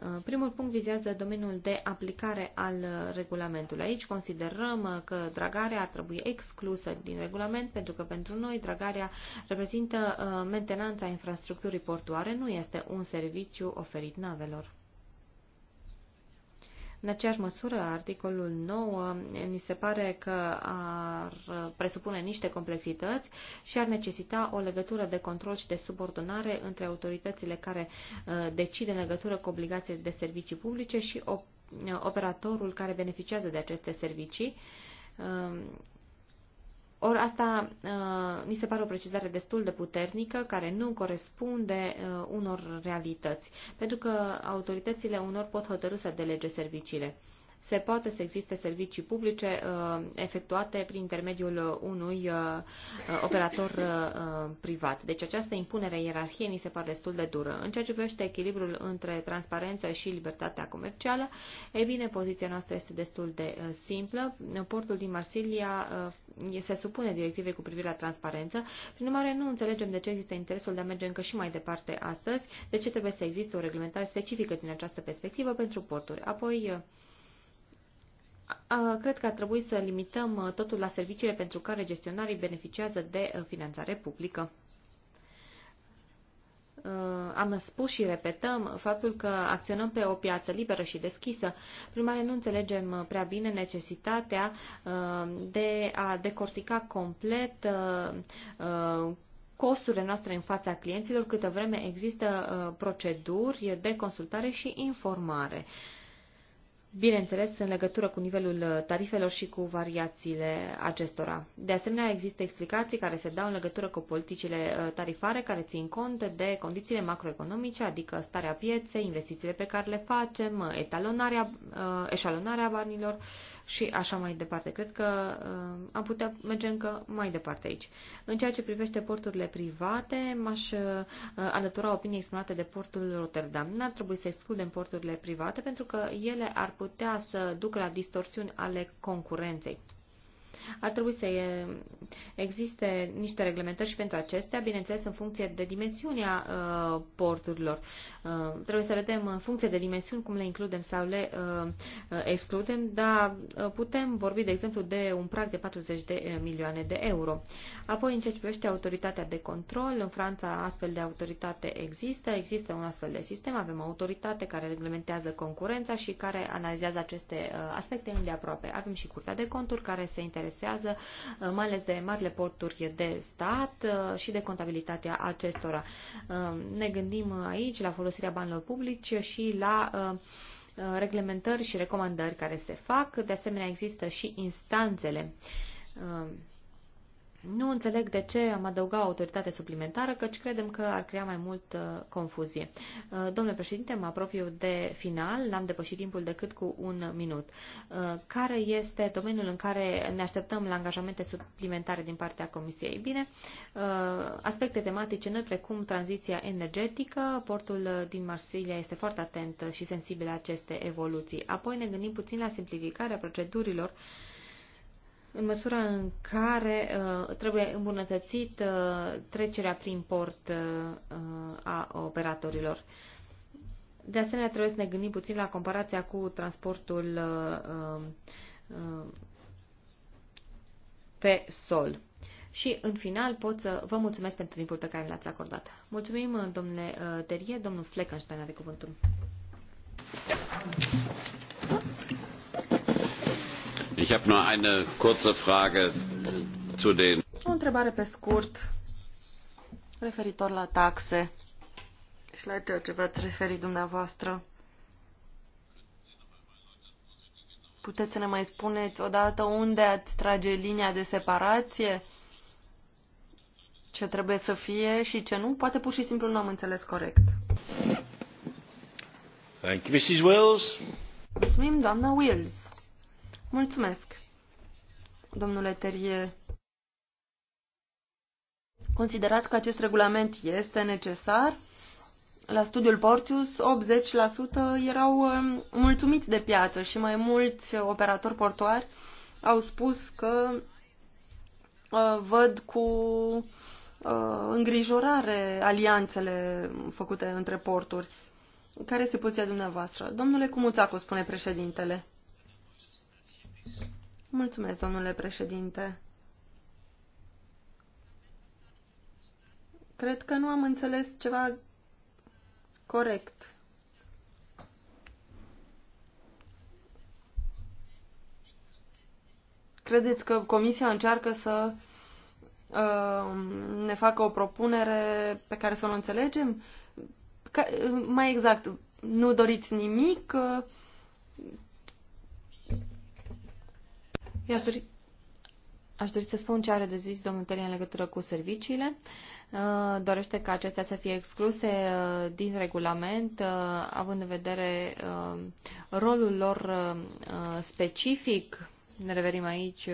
Uh, primul punct vizează domeniul de aplicare al uh, regulamentului. Aici considerăm uh, că dragarea ar trebui exclusă din regulament, pentru că pentru noi dragarea reprezintă mentenanța infrastructurii portuare, nu este un serviciu oferit navelor. În aceeași măsură, articolul 9 ni se pare că ar presupune niște complexități și ar necesita o legătură de control și de subordonare între autoritățile care uh, decide în legătură cu obligațiile de servicii publice și uh, operatorul care beneficiază de aceste servicii um, ori asta uh, ni se pare o precizare destul de puternică, care nu corespunde uh, unor realități, pentru că autoritățile unor pot hotărâ să delege serviciile. Uh, se poate să existe servicii publice uh, efectuate prin intermediul unui uh, uh, operator privat. Deci această impunere ierarhiei mi se pare destul de dură. În ceea ce privește echilibrul între transparență și libertatea comercială, e bine, poziția noastră este destul de simplă. Portul din Marsilia se supune directivei cu privire la transparență, prin urmare nu înțelegem de ce există interesul de a merge încă și mai departe astăzi, de ce trebuie să existe o reglementare specifică din această perspectivă pentru porturi. Apoi, cred că ar trebui să limităm totul la serviciile pentru care gestionarii beneficiază de finanțare publică. Am spus și repetăm faptul că acționăm pe o piață liberă și deschisă. Prin mare, nu înțelegem prea bine necesitatea de a decortica complet costurile noastre în fața clienților câtă vreme există proceduri de consultare și informare bineînțeles, în legătură cu nivelul uh, tarifelor și cu variațiile acestora. De asemenea, există explicații care se dau în legătură cu politicile uh, tarifare care țin cont de condițiile macroeconomice, adică starea pieței, investițiile pe care le facem, uh, etalonarea, eșalonarea banilor, și așa mai departe. Cred că uh, am putea merge încă mai departe aici. În ceea ce privește porturile private, m-aș uh, alătura opinii exprimate de portul Rotterdam. N-ar trebui să excludem porturile private pentru că ele ar putea să ducă la distorsiuni ale concurenței. Ar trebui să existe niște reglementări și pentru acestea, bineînțeles în funcție de dimensiunea uh, porturilor. Uh, trebuie să vedem în funcție de dimensiuni cum le includem sau le uh, excludem, dar putem vorbi, de exemplu, de un prag de 40 de milioane de euro. Apoi, în ce privește autoritatea de control, în Franța astfel de autoritate există, există un astfel de sistem, avem autoritate care reglementează concurența și care analizează aceste aspecte îndeaproape. Avem și Curtea de Conturi care se interesează interesează, uh, mai ales de marile porturi de stat uh, și de contabilitatea acestora. Uh, ne gândim aici la folosirea banilor publici și la reglementări și recomandări care se fac. De asemenea, există și instanțele nu înțeleg de ce am adăugat o autoritate suplimentară, căci credem că ar crea mai mult uh, confuzie. Uh, domnule președinte, mă apropiu de final, n-am depășit timpul decât cu un minut. Uh, care este domeniul în care ne așteptăm la angajamente suplimentare din partea Comisiei? Bine, uh, aspecte tematice noi, precum tranziția energetică, portul din Marsilia este foarte atent și sensibil la aceste evoluții. Apoi ne gândim puțin la simplificarea procedurilor uh, în măsura în care uh, trebuie îmbunătățit uh, trecerea prin port uh, uh, a operatorilor. De asemenea, trebuie să ne gândim puțin la comparația cu transportul uh, uh, pe sol. Și, în final, pot să vă mulțumesc pentru timpul pe care l-ați acordat. Mulțumim, domnule Terie, domnul Fleckenstein are cuvântul. Ich nur eine kurze Frage zu den o întrebare pe scurt referitor la taxe și la ceea ce v-ați referit dumneavoastră. Puteți să ne mai spuneți odată unde ați trage linia de separație? Ce trebuie să fie și ce nu? Poate pur și simplu nu am înțeles corect. Thank you, Mrs. Wills. Mulțumim, doamna Wills. Mulțumesc, domnule Terie. Considerați că acest regulament este necesar? La studiul Portius, 80% erau um, mulțumiți de piață și mai mulți operatori portuari au spus că uh, văd cu uh, îngrijorare alianțele făcute între porturi. Care este poziția dumneavoastră? Domnule Cumuțacu, spune președintele. Mulțumesc, domnule președinte. Cred că nu am înțeles ceva corect. Credeți că Comisia încearcă să uh, ne facă o propunere pe care să o înțelegem? Ca, uh, mai exact, nu doriți nimic? Uh, aș dori, aș dori să spun ce are de zis domnul Teli în legătură cu serviciile. Uh, dorește ca acestea să fie excluse uh, din regulament, uh, având în vedere rolul lor specific. Ne referim aici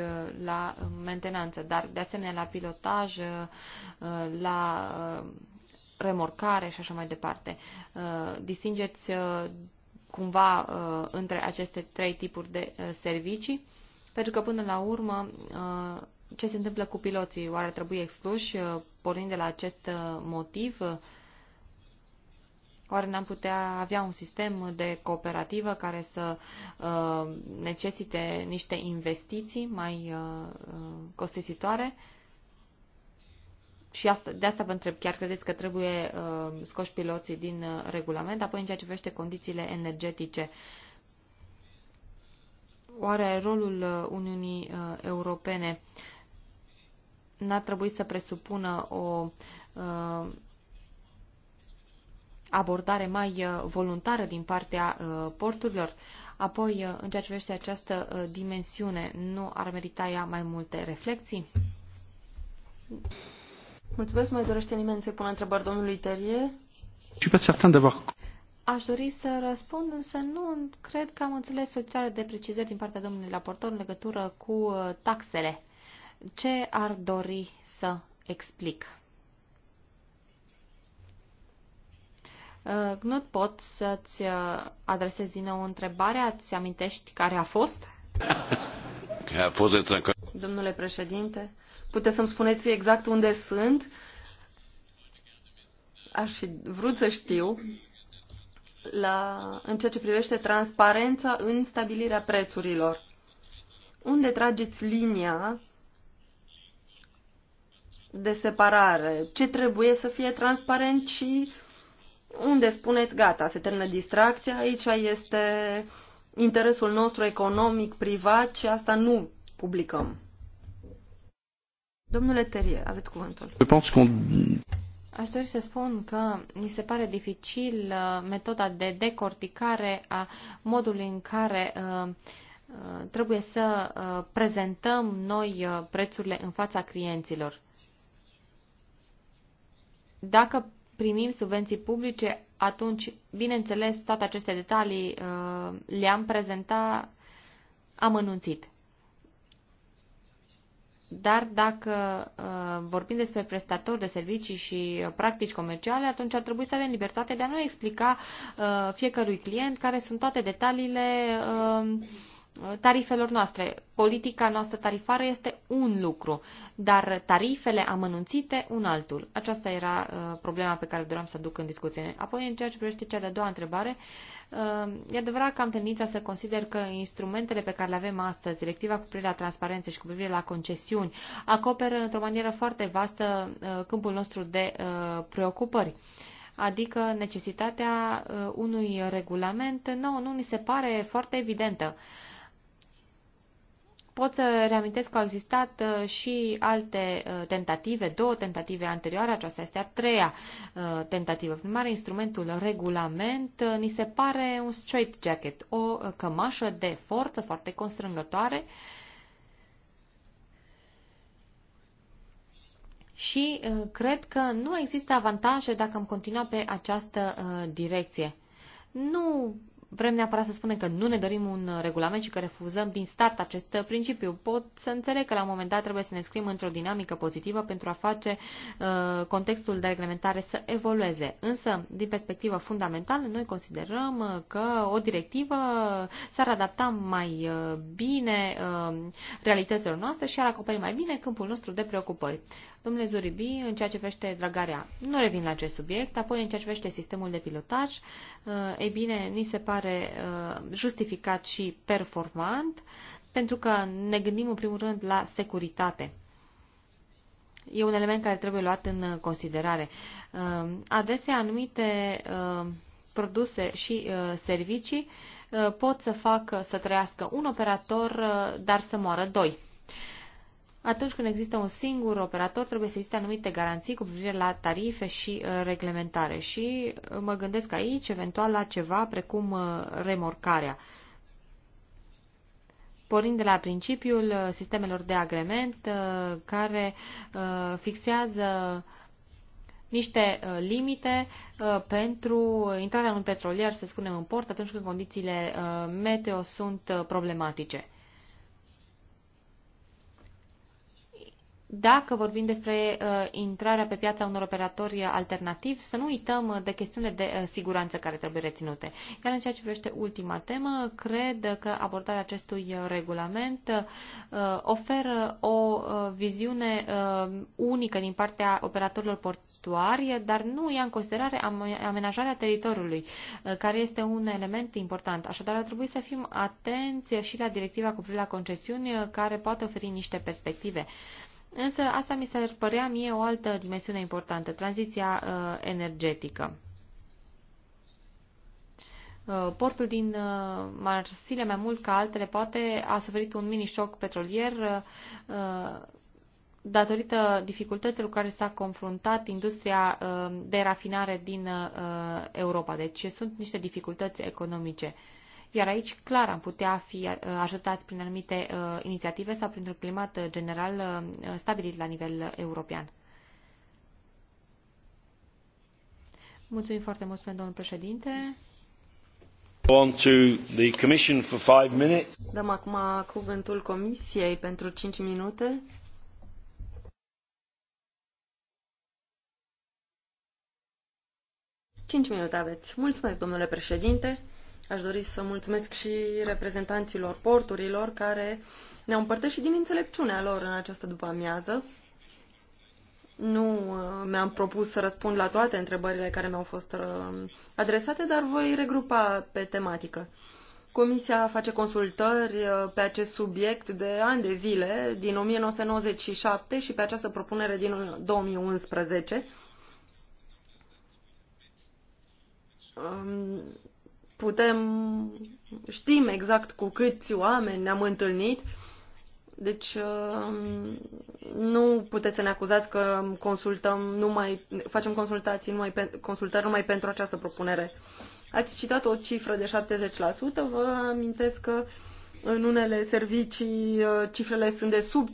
la mentenanță, dar de asemenea la pilotaj, la remorcare și așa mai departe. Distingeți cumva între aceste trei tipuri de servicii. Pentru că, până la urmă, uh, ce se întâmplă cu piloții? Oare trebuie excluși, uh, pornind de la acest uh, motiv? Oare n-am putea avea un sistem de cooperativă care să necesite niște investiții mai costisitoare? Și asta, de asta vă întreb, chiar credeți că trebuie uh, scoși piloții din uh, regulament? Apoi, în ceea ce privește condițiile energetice, uh, oare rolul uh, Uniunii uh, Europene n-ar trebui să presupună o uh, abordare mai voluntară din partea porturilor? Apoi, în ceea ce privește această dimensiune, nu ar merita ea mai multe reflexii? Mulțumesc. Mai dorește nimeni să pună întrebări domnului Terie? Je suis pas certain d'avoir Aș dori să răspund, însă nu cred că am înțeles solicitarea de precizări din partea domnului raportor în legătură cu uh, taxele. Ce ar dori să explic? Uh, nu pot să-ți uh, adresez din nou întrebarea. Ți amintești care a fost? Domnule președinte, puteți să-mi spuneți exact unde sunt? Aș fi vrut să știu la, în ceea ce privește transparența în stabilirea prețurilor. Unde trageți linia de separare? Ce trebuie să fie transparent și unde spuneți gata, se termină distracția, aici este interesul nostru economic, privat și asta nu publicăm. Domnule Terie, aveți cuvântul. Aș dori să spun că mi se pare dificil uh, metoda de decorticare a modului în care uh, uh, trebuie să prezentăm noi prețurile în fața clienților. Dacă primim subvenții publice, atunci, bineînțeles, toate aceste detalii le-am prezentat am anunțit. Dar dacă uh, vorbim despre prestatori de servicii și uh, practici comerciale, atunci ar trebui să avem libertate de a nu explica uh, fiecărui client care sunt toate detaliile uh, tarifelor noastre. Politica noastră tarifară este un lucru, dar tarifele amănunțite un altul. Aceasta era uh, problema pe care doream să duc în discuție. Apoi, în ceea ce privește cea de-a doua întrebare, uh, e adevărat că am tendința să consider că instrumentele pe care le avem astăzi, directiva cu privire la transparență și cu privire la concesiuni, acoperă într-o manieră foarte vastă uh, câmpul nostru de uh, preocupări. adică necesitatea uh, unui regulament, nou, nu ni se pare foarte evidentă. Pot să reamintesc că au existat uh, și alte uh, tentative, două tentative anterioare, aceasta este a treia uh, tentativă. Prin mare, instrumentul regulament ni se pare un straight jacket, o cămașă de forță foarte constrângătoare și cred că nu există avantaje dacă am continua pe această direcție. Nu vrem neapărat să spunem că nu ne dorim un uh, regulament și că refuzăm din start acest uh, principiu. Pot să înțeleg că la un moment dat trebuie să ne scrim într-o dinamică pozitivă pentru a face uh, contextul de reglementare să evolueze. Însă, din perspectivă fundamentală, noi considerăm uh, că o directivă s-ar adapta mai bine uh, realităților noastre și ar acoperi mai bine câmpul nostru de preocupări. Domnule Zuribi, în ceea ce vește dragarea, nu revin la acest subiect, apoi în ceea ce vește sistemul de pilotaj, uh, ei bine, ni se pare pare uh, justificat și performant, pentru că ne gândim în primul rând la securitate. E un element care trebuie luat în considerare. Uh, adesea anumite uh, produse și servicii pot să facă să trăiască un operator, dar să moară doi. Atunci când există un singur operator, trebuie să existe anumite garanții cu privire la tarife și uh, reglementare. Și uh, mă gândesc aici, eventual, la ceva precum uh, remorcarea. Pornind de la principiul sistemelor de agrement care fixează niște limite pentru intrarea în petrolier, să spunem, în port atunci când condițiile meteo sunt problematice. dacă vorbim despre uh, intrarea pe piața unor operatori uh, alternativi, să nu uităm uh, de chestiunile de uh, siguranță care trebuie reținute. Iar în ceea ce privește ultima temă, cred că abordarea acestui uh, regulament uh, oferă o uh, viziune uh, unică din partea operatorilor portuari, dar nu ia în considerare amenajarea teritoriului, uh, care este un element important. Așadar, ar trebui să fim atenți și la directiva cu privire la concesiuni, uh, care poate oferi niște perspective. Însă asta mi s-ar părea mie o altă dimensiune importantă, tranziția uh, energetică. Uh, portul din uh, mai mult ca altele, poate a suferit un mini-șoc petrolier uh, datorită dificultăților cu care s-a confruntat industria uh, de rafinare din uh, Europa. Deci sunt niște dificultăți economice. Uh, iar aici, clar, am putea fi uh, ajutați prin anumite uh, inițiative sau printr-un climat uh, general stabilit la nivel european. Mulțumim foarte mult, domnul președinte. On to the commission for five minutes. Dăm acum cuvântul comisiei pentru 5 minute. Cinci minute aveți. Mulțumesc, domnule președinte. Aș dori să mulțumesc și reprezentanților porturilor care ne-au împărtășit din înțelepciunea lor în această după-amiază. Nu uh, mi-am propus să răspund la toate întrebările care mi-au fost uh, adresate, dar voi regrupa pe tematică. Comisia face consultări uh, pe acest subiect de ani de zile, din 1997 și pe această propunere din 2011 putem, știm exact cu câți oameni ne-am întâlnit, deci um, nu puteți să ne acuzați că consultăm numai, facem consultații numai, consultări numai pentru această propunere. Ați citat o cifră de 70%, vă amintesc că în unele servicii uh, cifrele sunt de sub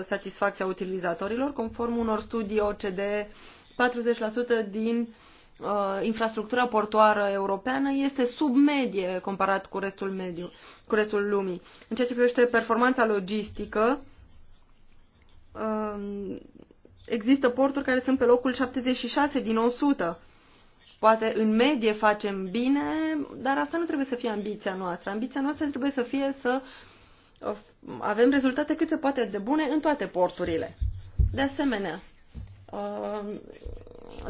50% satisfacția utilizatorilor, conform unor studii OCD, 40% din Uh, infrastructura portoară europeană este sub medie comparat cu restul, mediu, cu restul lumii. În ceea ce privește performanța logistică, um, există porturi care sunt pe locul 76 din 100. Poate în medie facem bine, dar asta nu trebuie să fie ambiția noastră. Ambiția noastră trebuie să fie să uh, avem rezultate cât se poate de bune în toate porturile. De asemenea, uh,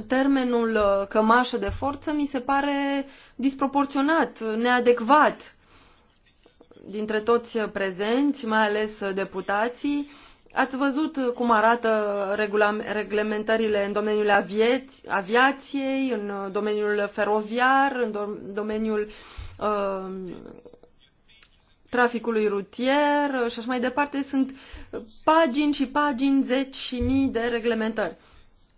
termenul uh, cămașă de forță mi se pare disproporționat, neadecvat. Dintre toți prezenți, mai ales deputații, ați văzut cum arată reglementările în domeniul aviației, în uh, domeniul feroviar, în domeniul uh, traficului rutier uh, și așa mai departe. Sunt pagini și pagini, zeci și mii de reglementări.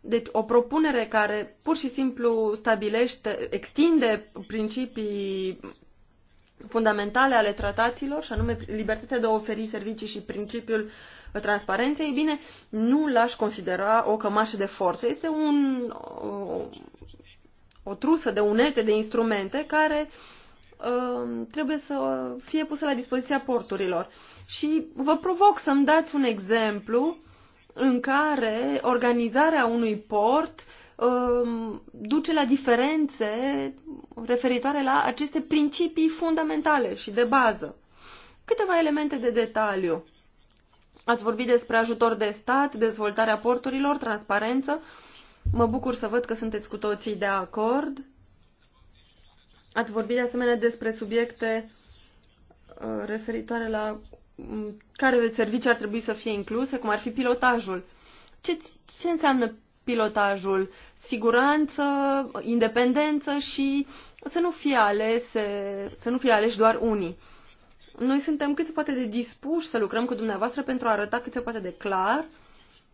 Deci o propunere care pur și simplu stabilește, extinde principii fundamentale ale tratațiilor, și anume libertatea de a oferi servicii și principiul transparenței, bine, nu l-aș considera o cămașă de forță. Este un, o, o trusă de unelte, de instrumente care um, trebuie să fie pusă la dispoziția porturilor. Și vă provoc să-mi dați un exemplu în care organizarea unui port um, duce la diferențe referitoare la aceste principii fundamentale și de bază. Câteva elemente de detaliu. Ați vorbit despre ajutor de stat, dezvoltarea porturilor, transparență. Mă bucur să văd că sunteți cu toții de acord. Ați vorbit de asemenea despre subiecte uh, referitoare la care servicii ar trebui să fie incluse, cum ar fi pilotajul. Ce, ce înseamnă pilotajul? Siguranță, independență și să nu fie alese, să nu fie aleși doar unii. Noi suntem cât se poate de dispuși să lucrăm cu dumneavoastră pentru a arăta cât se poate de clar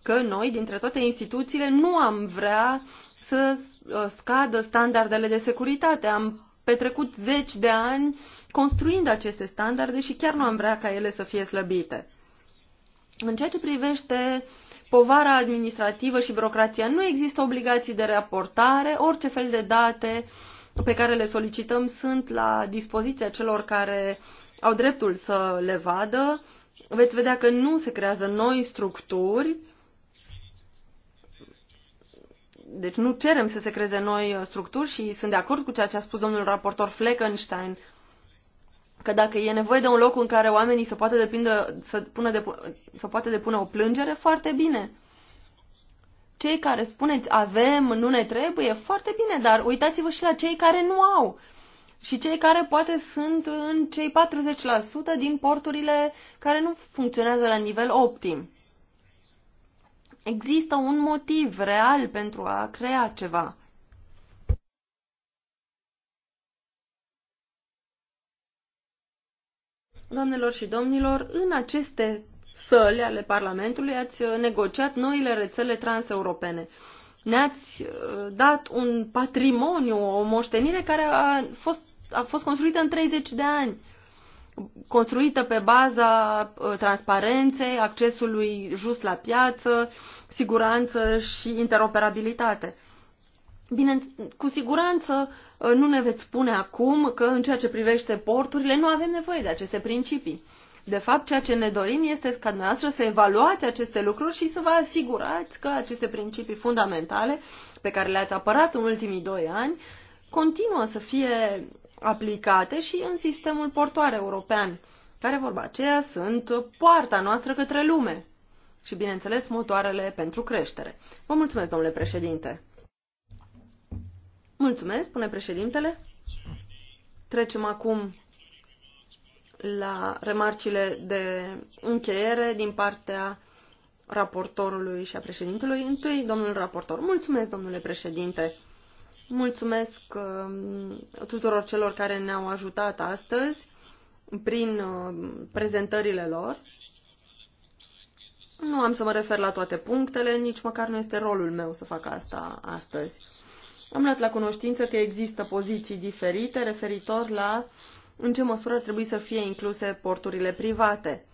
că noi, dintre toate instituțiile, nu am vrea să uh, scadă standardele de securitate. Am petrecut zeci de ani construind aceste standarde și chiar nu am vrea ca ele să fie slăbite. În ceea ce privește povara administrativă și birocrația, nu există obligații de raportare, orice fel de date pe care le solicităm sunt la dispoziția celor care au dreptul să le vadă. Veți vedea că nu se creează noi structuri, deci nu cerem să se creeze noi structuri și sunt de acord cu ceea ce a spus domnul raportor Fleckenstein că dacă e nevoie de un loc în care oamenii să poată, depindă, să, pună de, să poate depune o plângere, foarte bine. Cei care spuneți avem, nu ne trebuie, foarte bine, dar uitați-vă și la cei care nu au. Și cei care poate sunt în cei 40% din porturile care nu funcționează la nivel optim. Există un motiv real pentru a crea ceva. Doamnelor și domnilor, în aceste săli ale Parlamentului ați uh, negociat noile rețele transeuropene. Ne-ați uh, dat un patrimoniu, o moștenire care a fost, a fost construită în 30 de ani, construită pe baza uh, transparenței, accesului just la piață, siguranță și interoperabilitate. Bine, cu siguranță uh, nu ne veți spune acum că în ceea ce privește porturile nu avem nevoie de aceste principii. De fapt, ceea ce ne dorim este ca dumneavoastră să evaluați aceste lucruri și să vă asigurați că aceste principii fundamentale pe care le-ați apărat în ultimii doi ani continuă să fie aplicate și în sistemul portoar european, care, vorba aceea, sunt poarta noastră către lume și, bineînțeles, motoarele pentru creștere. Vă mulțumesc, domnule președinte! Mulțumesc, spune președintele. Trecem acum la remarcile de încheiere din partea raportorului și a președintelui. Întâi, domnul raportor. Mulțumesc, domnule președinte. Mulțumesc uh, tuturor celor care ne-au ajutat astăzi prin uh, prezentările lor. Nu am să mă refer la toate punctele, nici măcar nu este rolul meu să fac asta astăzi. Am luat la cunoștință că există poziții diferite referitor la în ce măsură ar trebui să fie incluse porturile private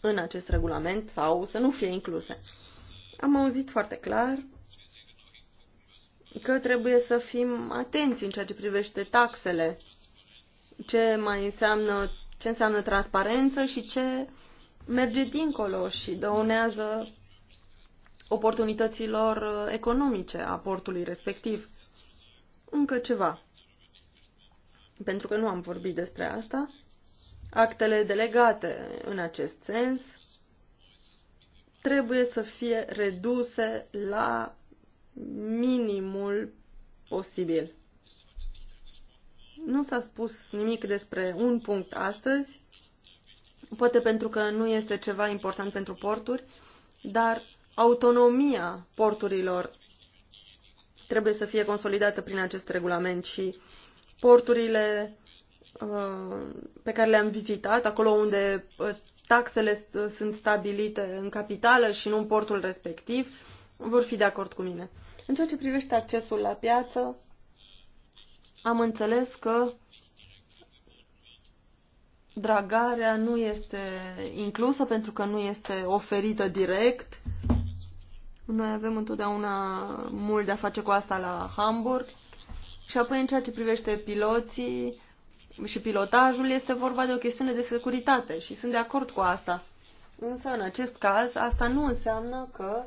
în acest regulament sau să nu fie incluse. Am auzit foarte clar că trebuie să fim atenți în ceea ce privește taxele, ce mai înseamnă, ce înseamnă transparență și ce merge dincolo și dăunează oportunităților uh, economice a portului respectiv. Încă ceva. Pentru că nu am vorbit despre asta, actele delegate în acest sens trebuie să fie reduse la minimul posibil. Nu s-a spus nimic despre un punct astăzi, poate pentru că nu este ceva important pentru porturi, dar autonomia porturilor trebuie să fie consolidată prin acest regulament și porturile uh, pe care le-am vizitat, acolo unde uh, taxele uh, sunt stabilite în capitală și nu în portul respectiv, vor fi de acord cu mine. În ceea ce privește accesul la piață, am înțeles că dragarea nu este inclusă pentru că nu este oferită direct noi avem întotdeauna mult de a face cu asta la Hamburg. Și apoi, în ceea ce privește piloții și pilotajul, este vorba de o chestiune de securitate și sunt de acord cu asta. Însă, în acest caz, asta nu înseamnă că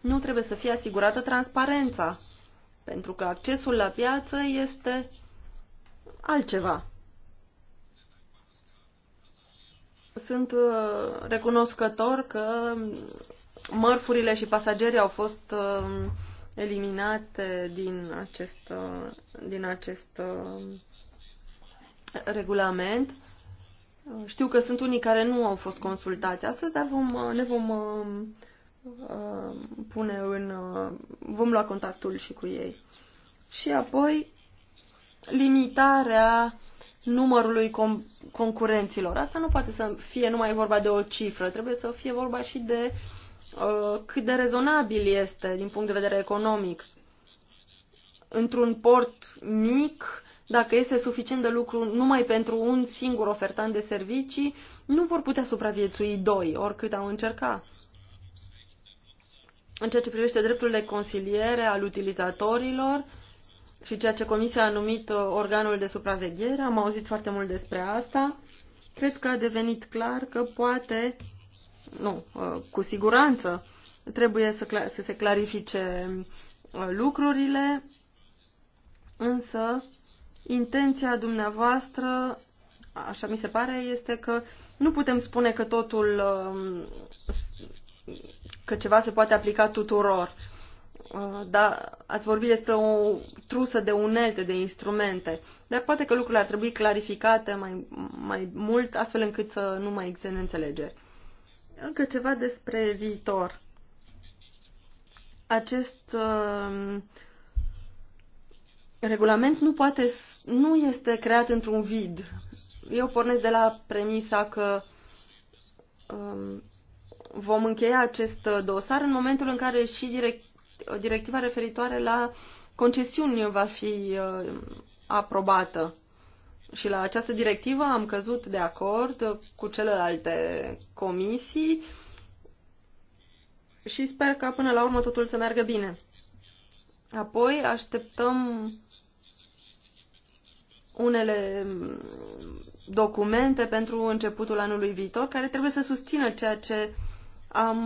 nu trebuie să fie asigurată transparența, pentru că accesul la piață este altceva. Sunt uh, recunoscător că mărfurile și pasagerii au fost uh, eliminate din acest, uh, din acest uh, regulament. Știu că sunt unii care nu au fost consultați astăzi, dar vom, uh, ne vom um, uh, pune în... Uh, vom lua contactul și cu ei. Și apoi limitarea numărului com- concurenților. Asta nu poate să fie numai vorba de o cifră, trebuie să fie vorba și de uh, Uh, cât de rezonabil este din punct de vedere economic. Într-un port mic, dacă este suficient de lucru numai pentru un singur ofertant de servicii, nu vor putea supraviețui doi, oricât au încercat. În ceea ce privește dreptul de consiliere al utilizatorilor și ceea ce Comisia a numit uh, organul de supraveghere, am auzit foarte mult despre asta. Cred că a devenit clar că poate nu, uh, cu siguranță trebuie să, să se clarifice uh, lucrurile, însă intenția dumneavoastră, așa mi se pare, este că nu putem spune că totul, um, că ceva se poate aplica tuturor. Uh, da, ați vorbit despre o trusă de unelte, de instrumente, dar poate că lucrurile ar trebui clarificate mai, mai mult, astfel încât să nu mai existe înțelegeri. Încă ceva despre viitor. Acest um, regulament nu, poate, nu este creat într-un vid. Eu pornesc de la premisa că um, vom încheia acest uh, dosar în momentul în care și direct, directiva referitoare la concesiuni va fi uh, aprobată și la această directivă am căzut de acord cu celelalte comisii și sper ca până la urmă totul să meargă bine. Apoi așteptăm unele documente pentru începutul anului viitor care trebuie să susțină ceea ce am,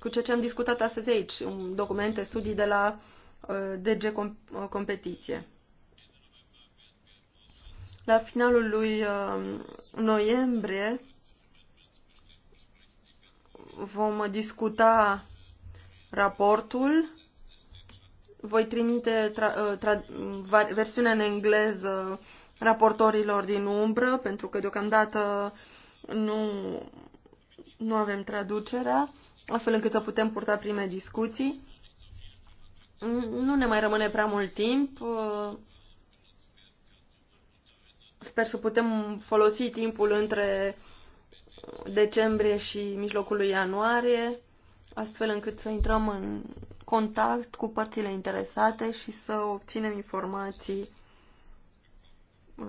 cu ceea ce am discutat astăzi aici, documente, studii de la uh, DG Competiție. La finalul lui uh, noiembrie vom discuta raportul. Voi trimite tra- uh, tra- versiunea în engleză raportorilor din umbră, pentru că deocamdată nu, nu avem traducerea, astfel încât să putem purta prime discuții. Nu ne mai rămâne prea mult timp. Uh, Sper să putem folosi timpul între decembrie și mijlocul lui ianuarie, astfel încât să intrăm în contact cu părțile interesate și să obținem informații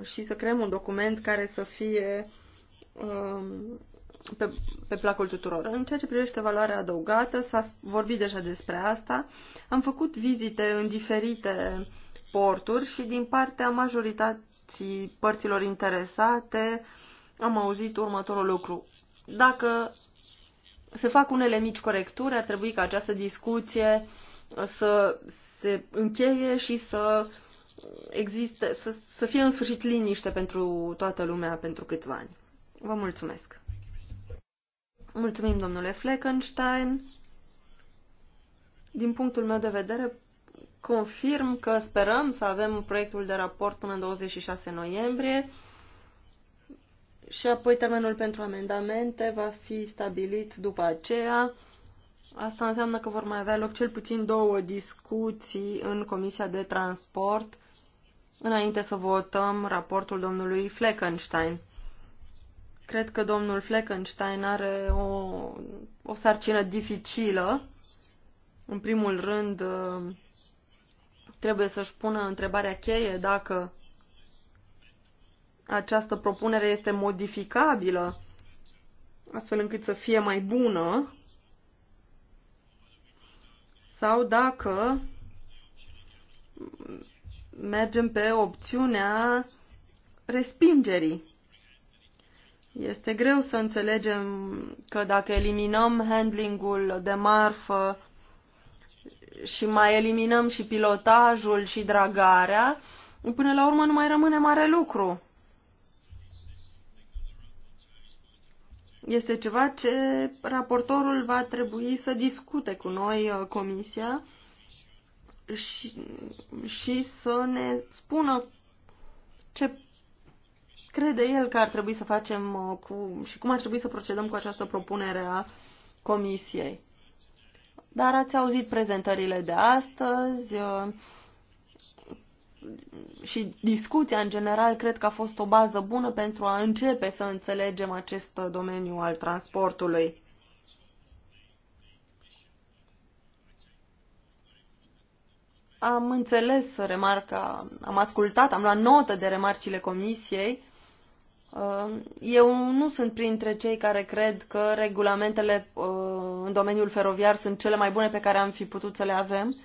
și să creăm un document care să fie um, pe, pe placul tuturor. În ceea ce privește valoarea adăugată, s-a vorbit deja despre asta. Am făcut vizite în diferite porturi și din partea majorității reacții părților interesate, am auzit următorul lucru. Dacă se fac unele mici corecturi, ar trebui ca această discuție să se încheie și să existe, să, să fie în sfârșit liniște pentru toată lumea pentru câțiva ani. Vă mulțumesc! Mulțumim, domnule Fleckenstein. Din punctul meu de vedere, confirm că sperăm să avem proiectul de raport până în 26 noiembrie și apoi termenul pentru amendamente va fi stabilit după aceea. Asta înseamnă că vor mai avea loc cel puțin două discuții în Comisia de Transport înainte să votăm raportul domnului Fleckenstein. Cred că domnul Fleckenstein are o, o sarcină dificilă. În primul rând, trebuie să-și pună întrebarea cheie dacă această propunere este modificabilă astfel încât să fie mai bună sau dacă mergem pe opțiunea respingerii. Este greu să înțelegem că dacă eliminăm handlingul de marfă și mai eliminăm și pilotajul și dragarea, până la urmă nu mai rămâne mare lucru. Este ceva ce raportorul va trebui să discute cu noi, uh, Comisia, și, și să ne spună ce crede el că ar trebui să facem uh, cu, și cum ar trebui să procedăm cu această propunere a Comisiei. Dar ați auzit prezentările de astăzi uh, și discuția în general cred că a fost o bază bună pentru a începe să înțelegem acest domeniu al transportului. Am înțeles remarca, am ascultat, am luat notă de remarcile comisiei. Uh, eu nu sunt printre cei care cred că regulamentele uh, în domeniul feroviar sunt cele mai bune pe care am fi putut să le avem.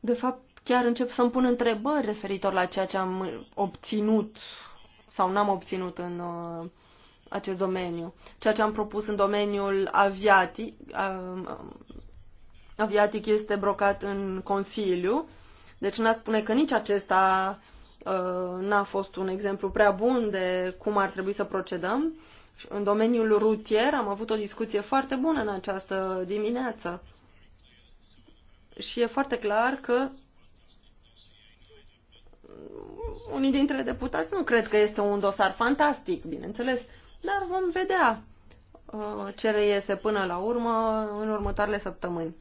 De fapt, chiar încep să-mi pun întrebări referitor la ceea ce am obținut sau n-am obținut în uh, acest domeniu. Ceea ce am propus în domeniul aviatic, uh, aviatic este brocat în Consiliu, deci n-a spune că nici acesta uh, n-a fost un exemplu prea bun de cum ar trebui să procedăm în domeniul rutier am avut o discuție foarte bună în această dimineață. Și e foarte clar că unii dintre deputați nu cred că este un dosar fantastic, bineînțeles, dar vom vedea uh, ce reiese până la urmă în următoarele săptămâni.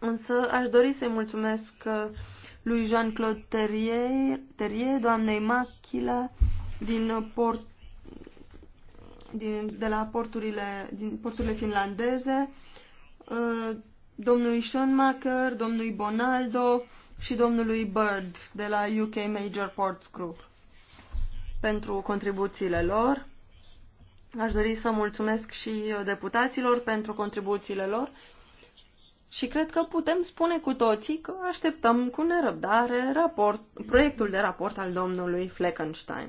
Însă aș dori să-i mulțumesc uh, lui Jean-Claude Terrier, Terrier, doamnei Machila din Port din, de la porturile, din porturile finlandeze, uh, domnului Schoenmacher, domnului Bonaldo și domnului Bird de la UK Major Ports Group pentru contribuțiile lor. Aș dori să mulțumesc și deputaților pentru contribuțiile lor și cred că putem spune cu toții că așteptăm cu nerăbdare raport, proiectul de raport al domnului Fleckenstein.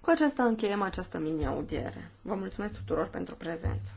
Cu aceasta încheiem această mini-audiere. Vă mulțumesc tuturor pentru prezență.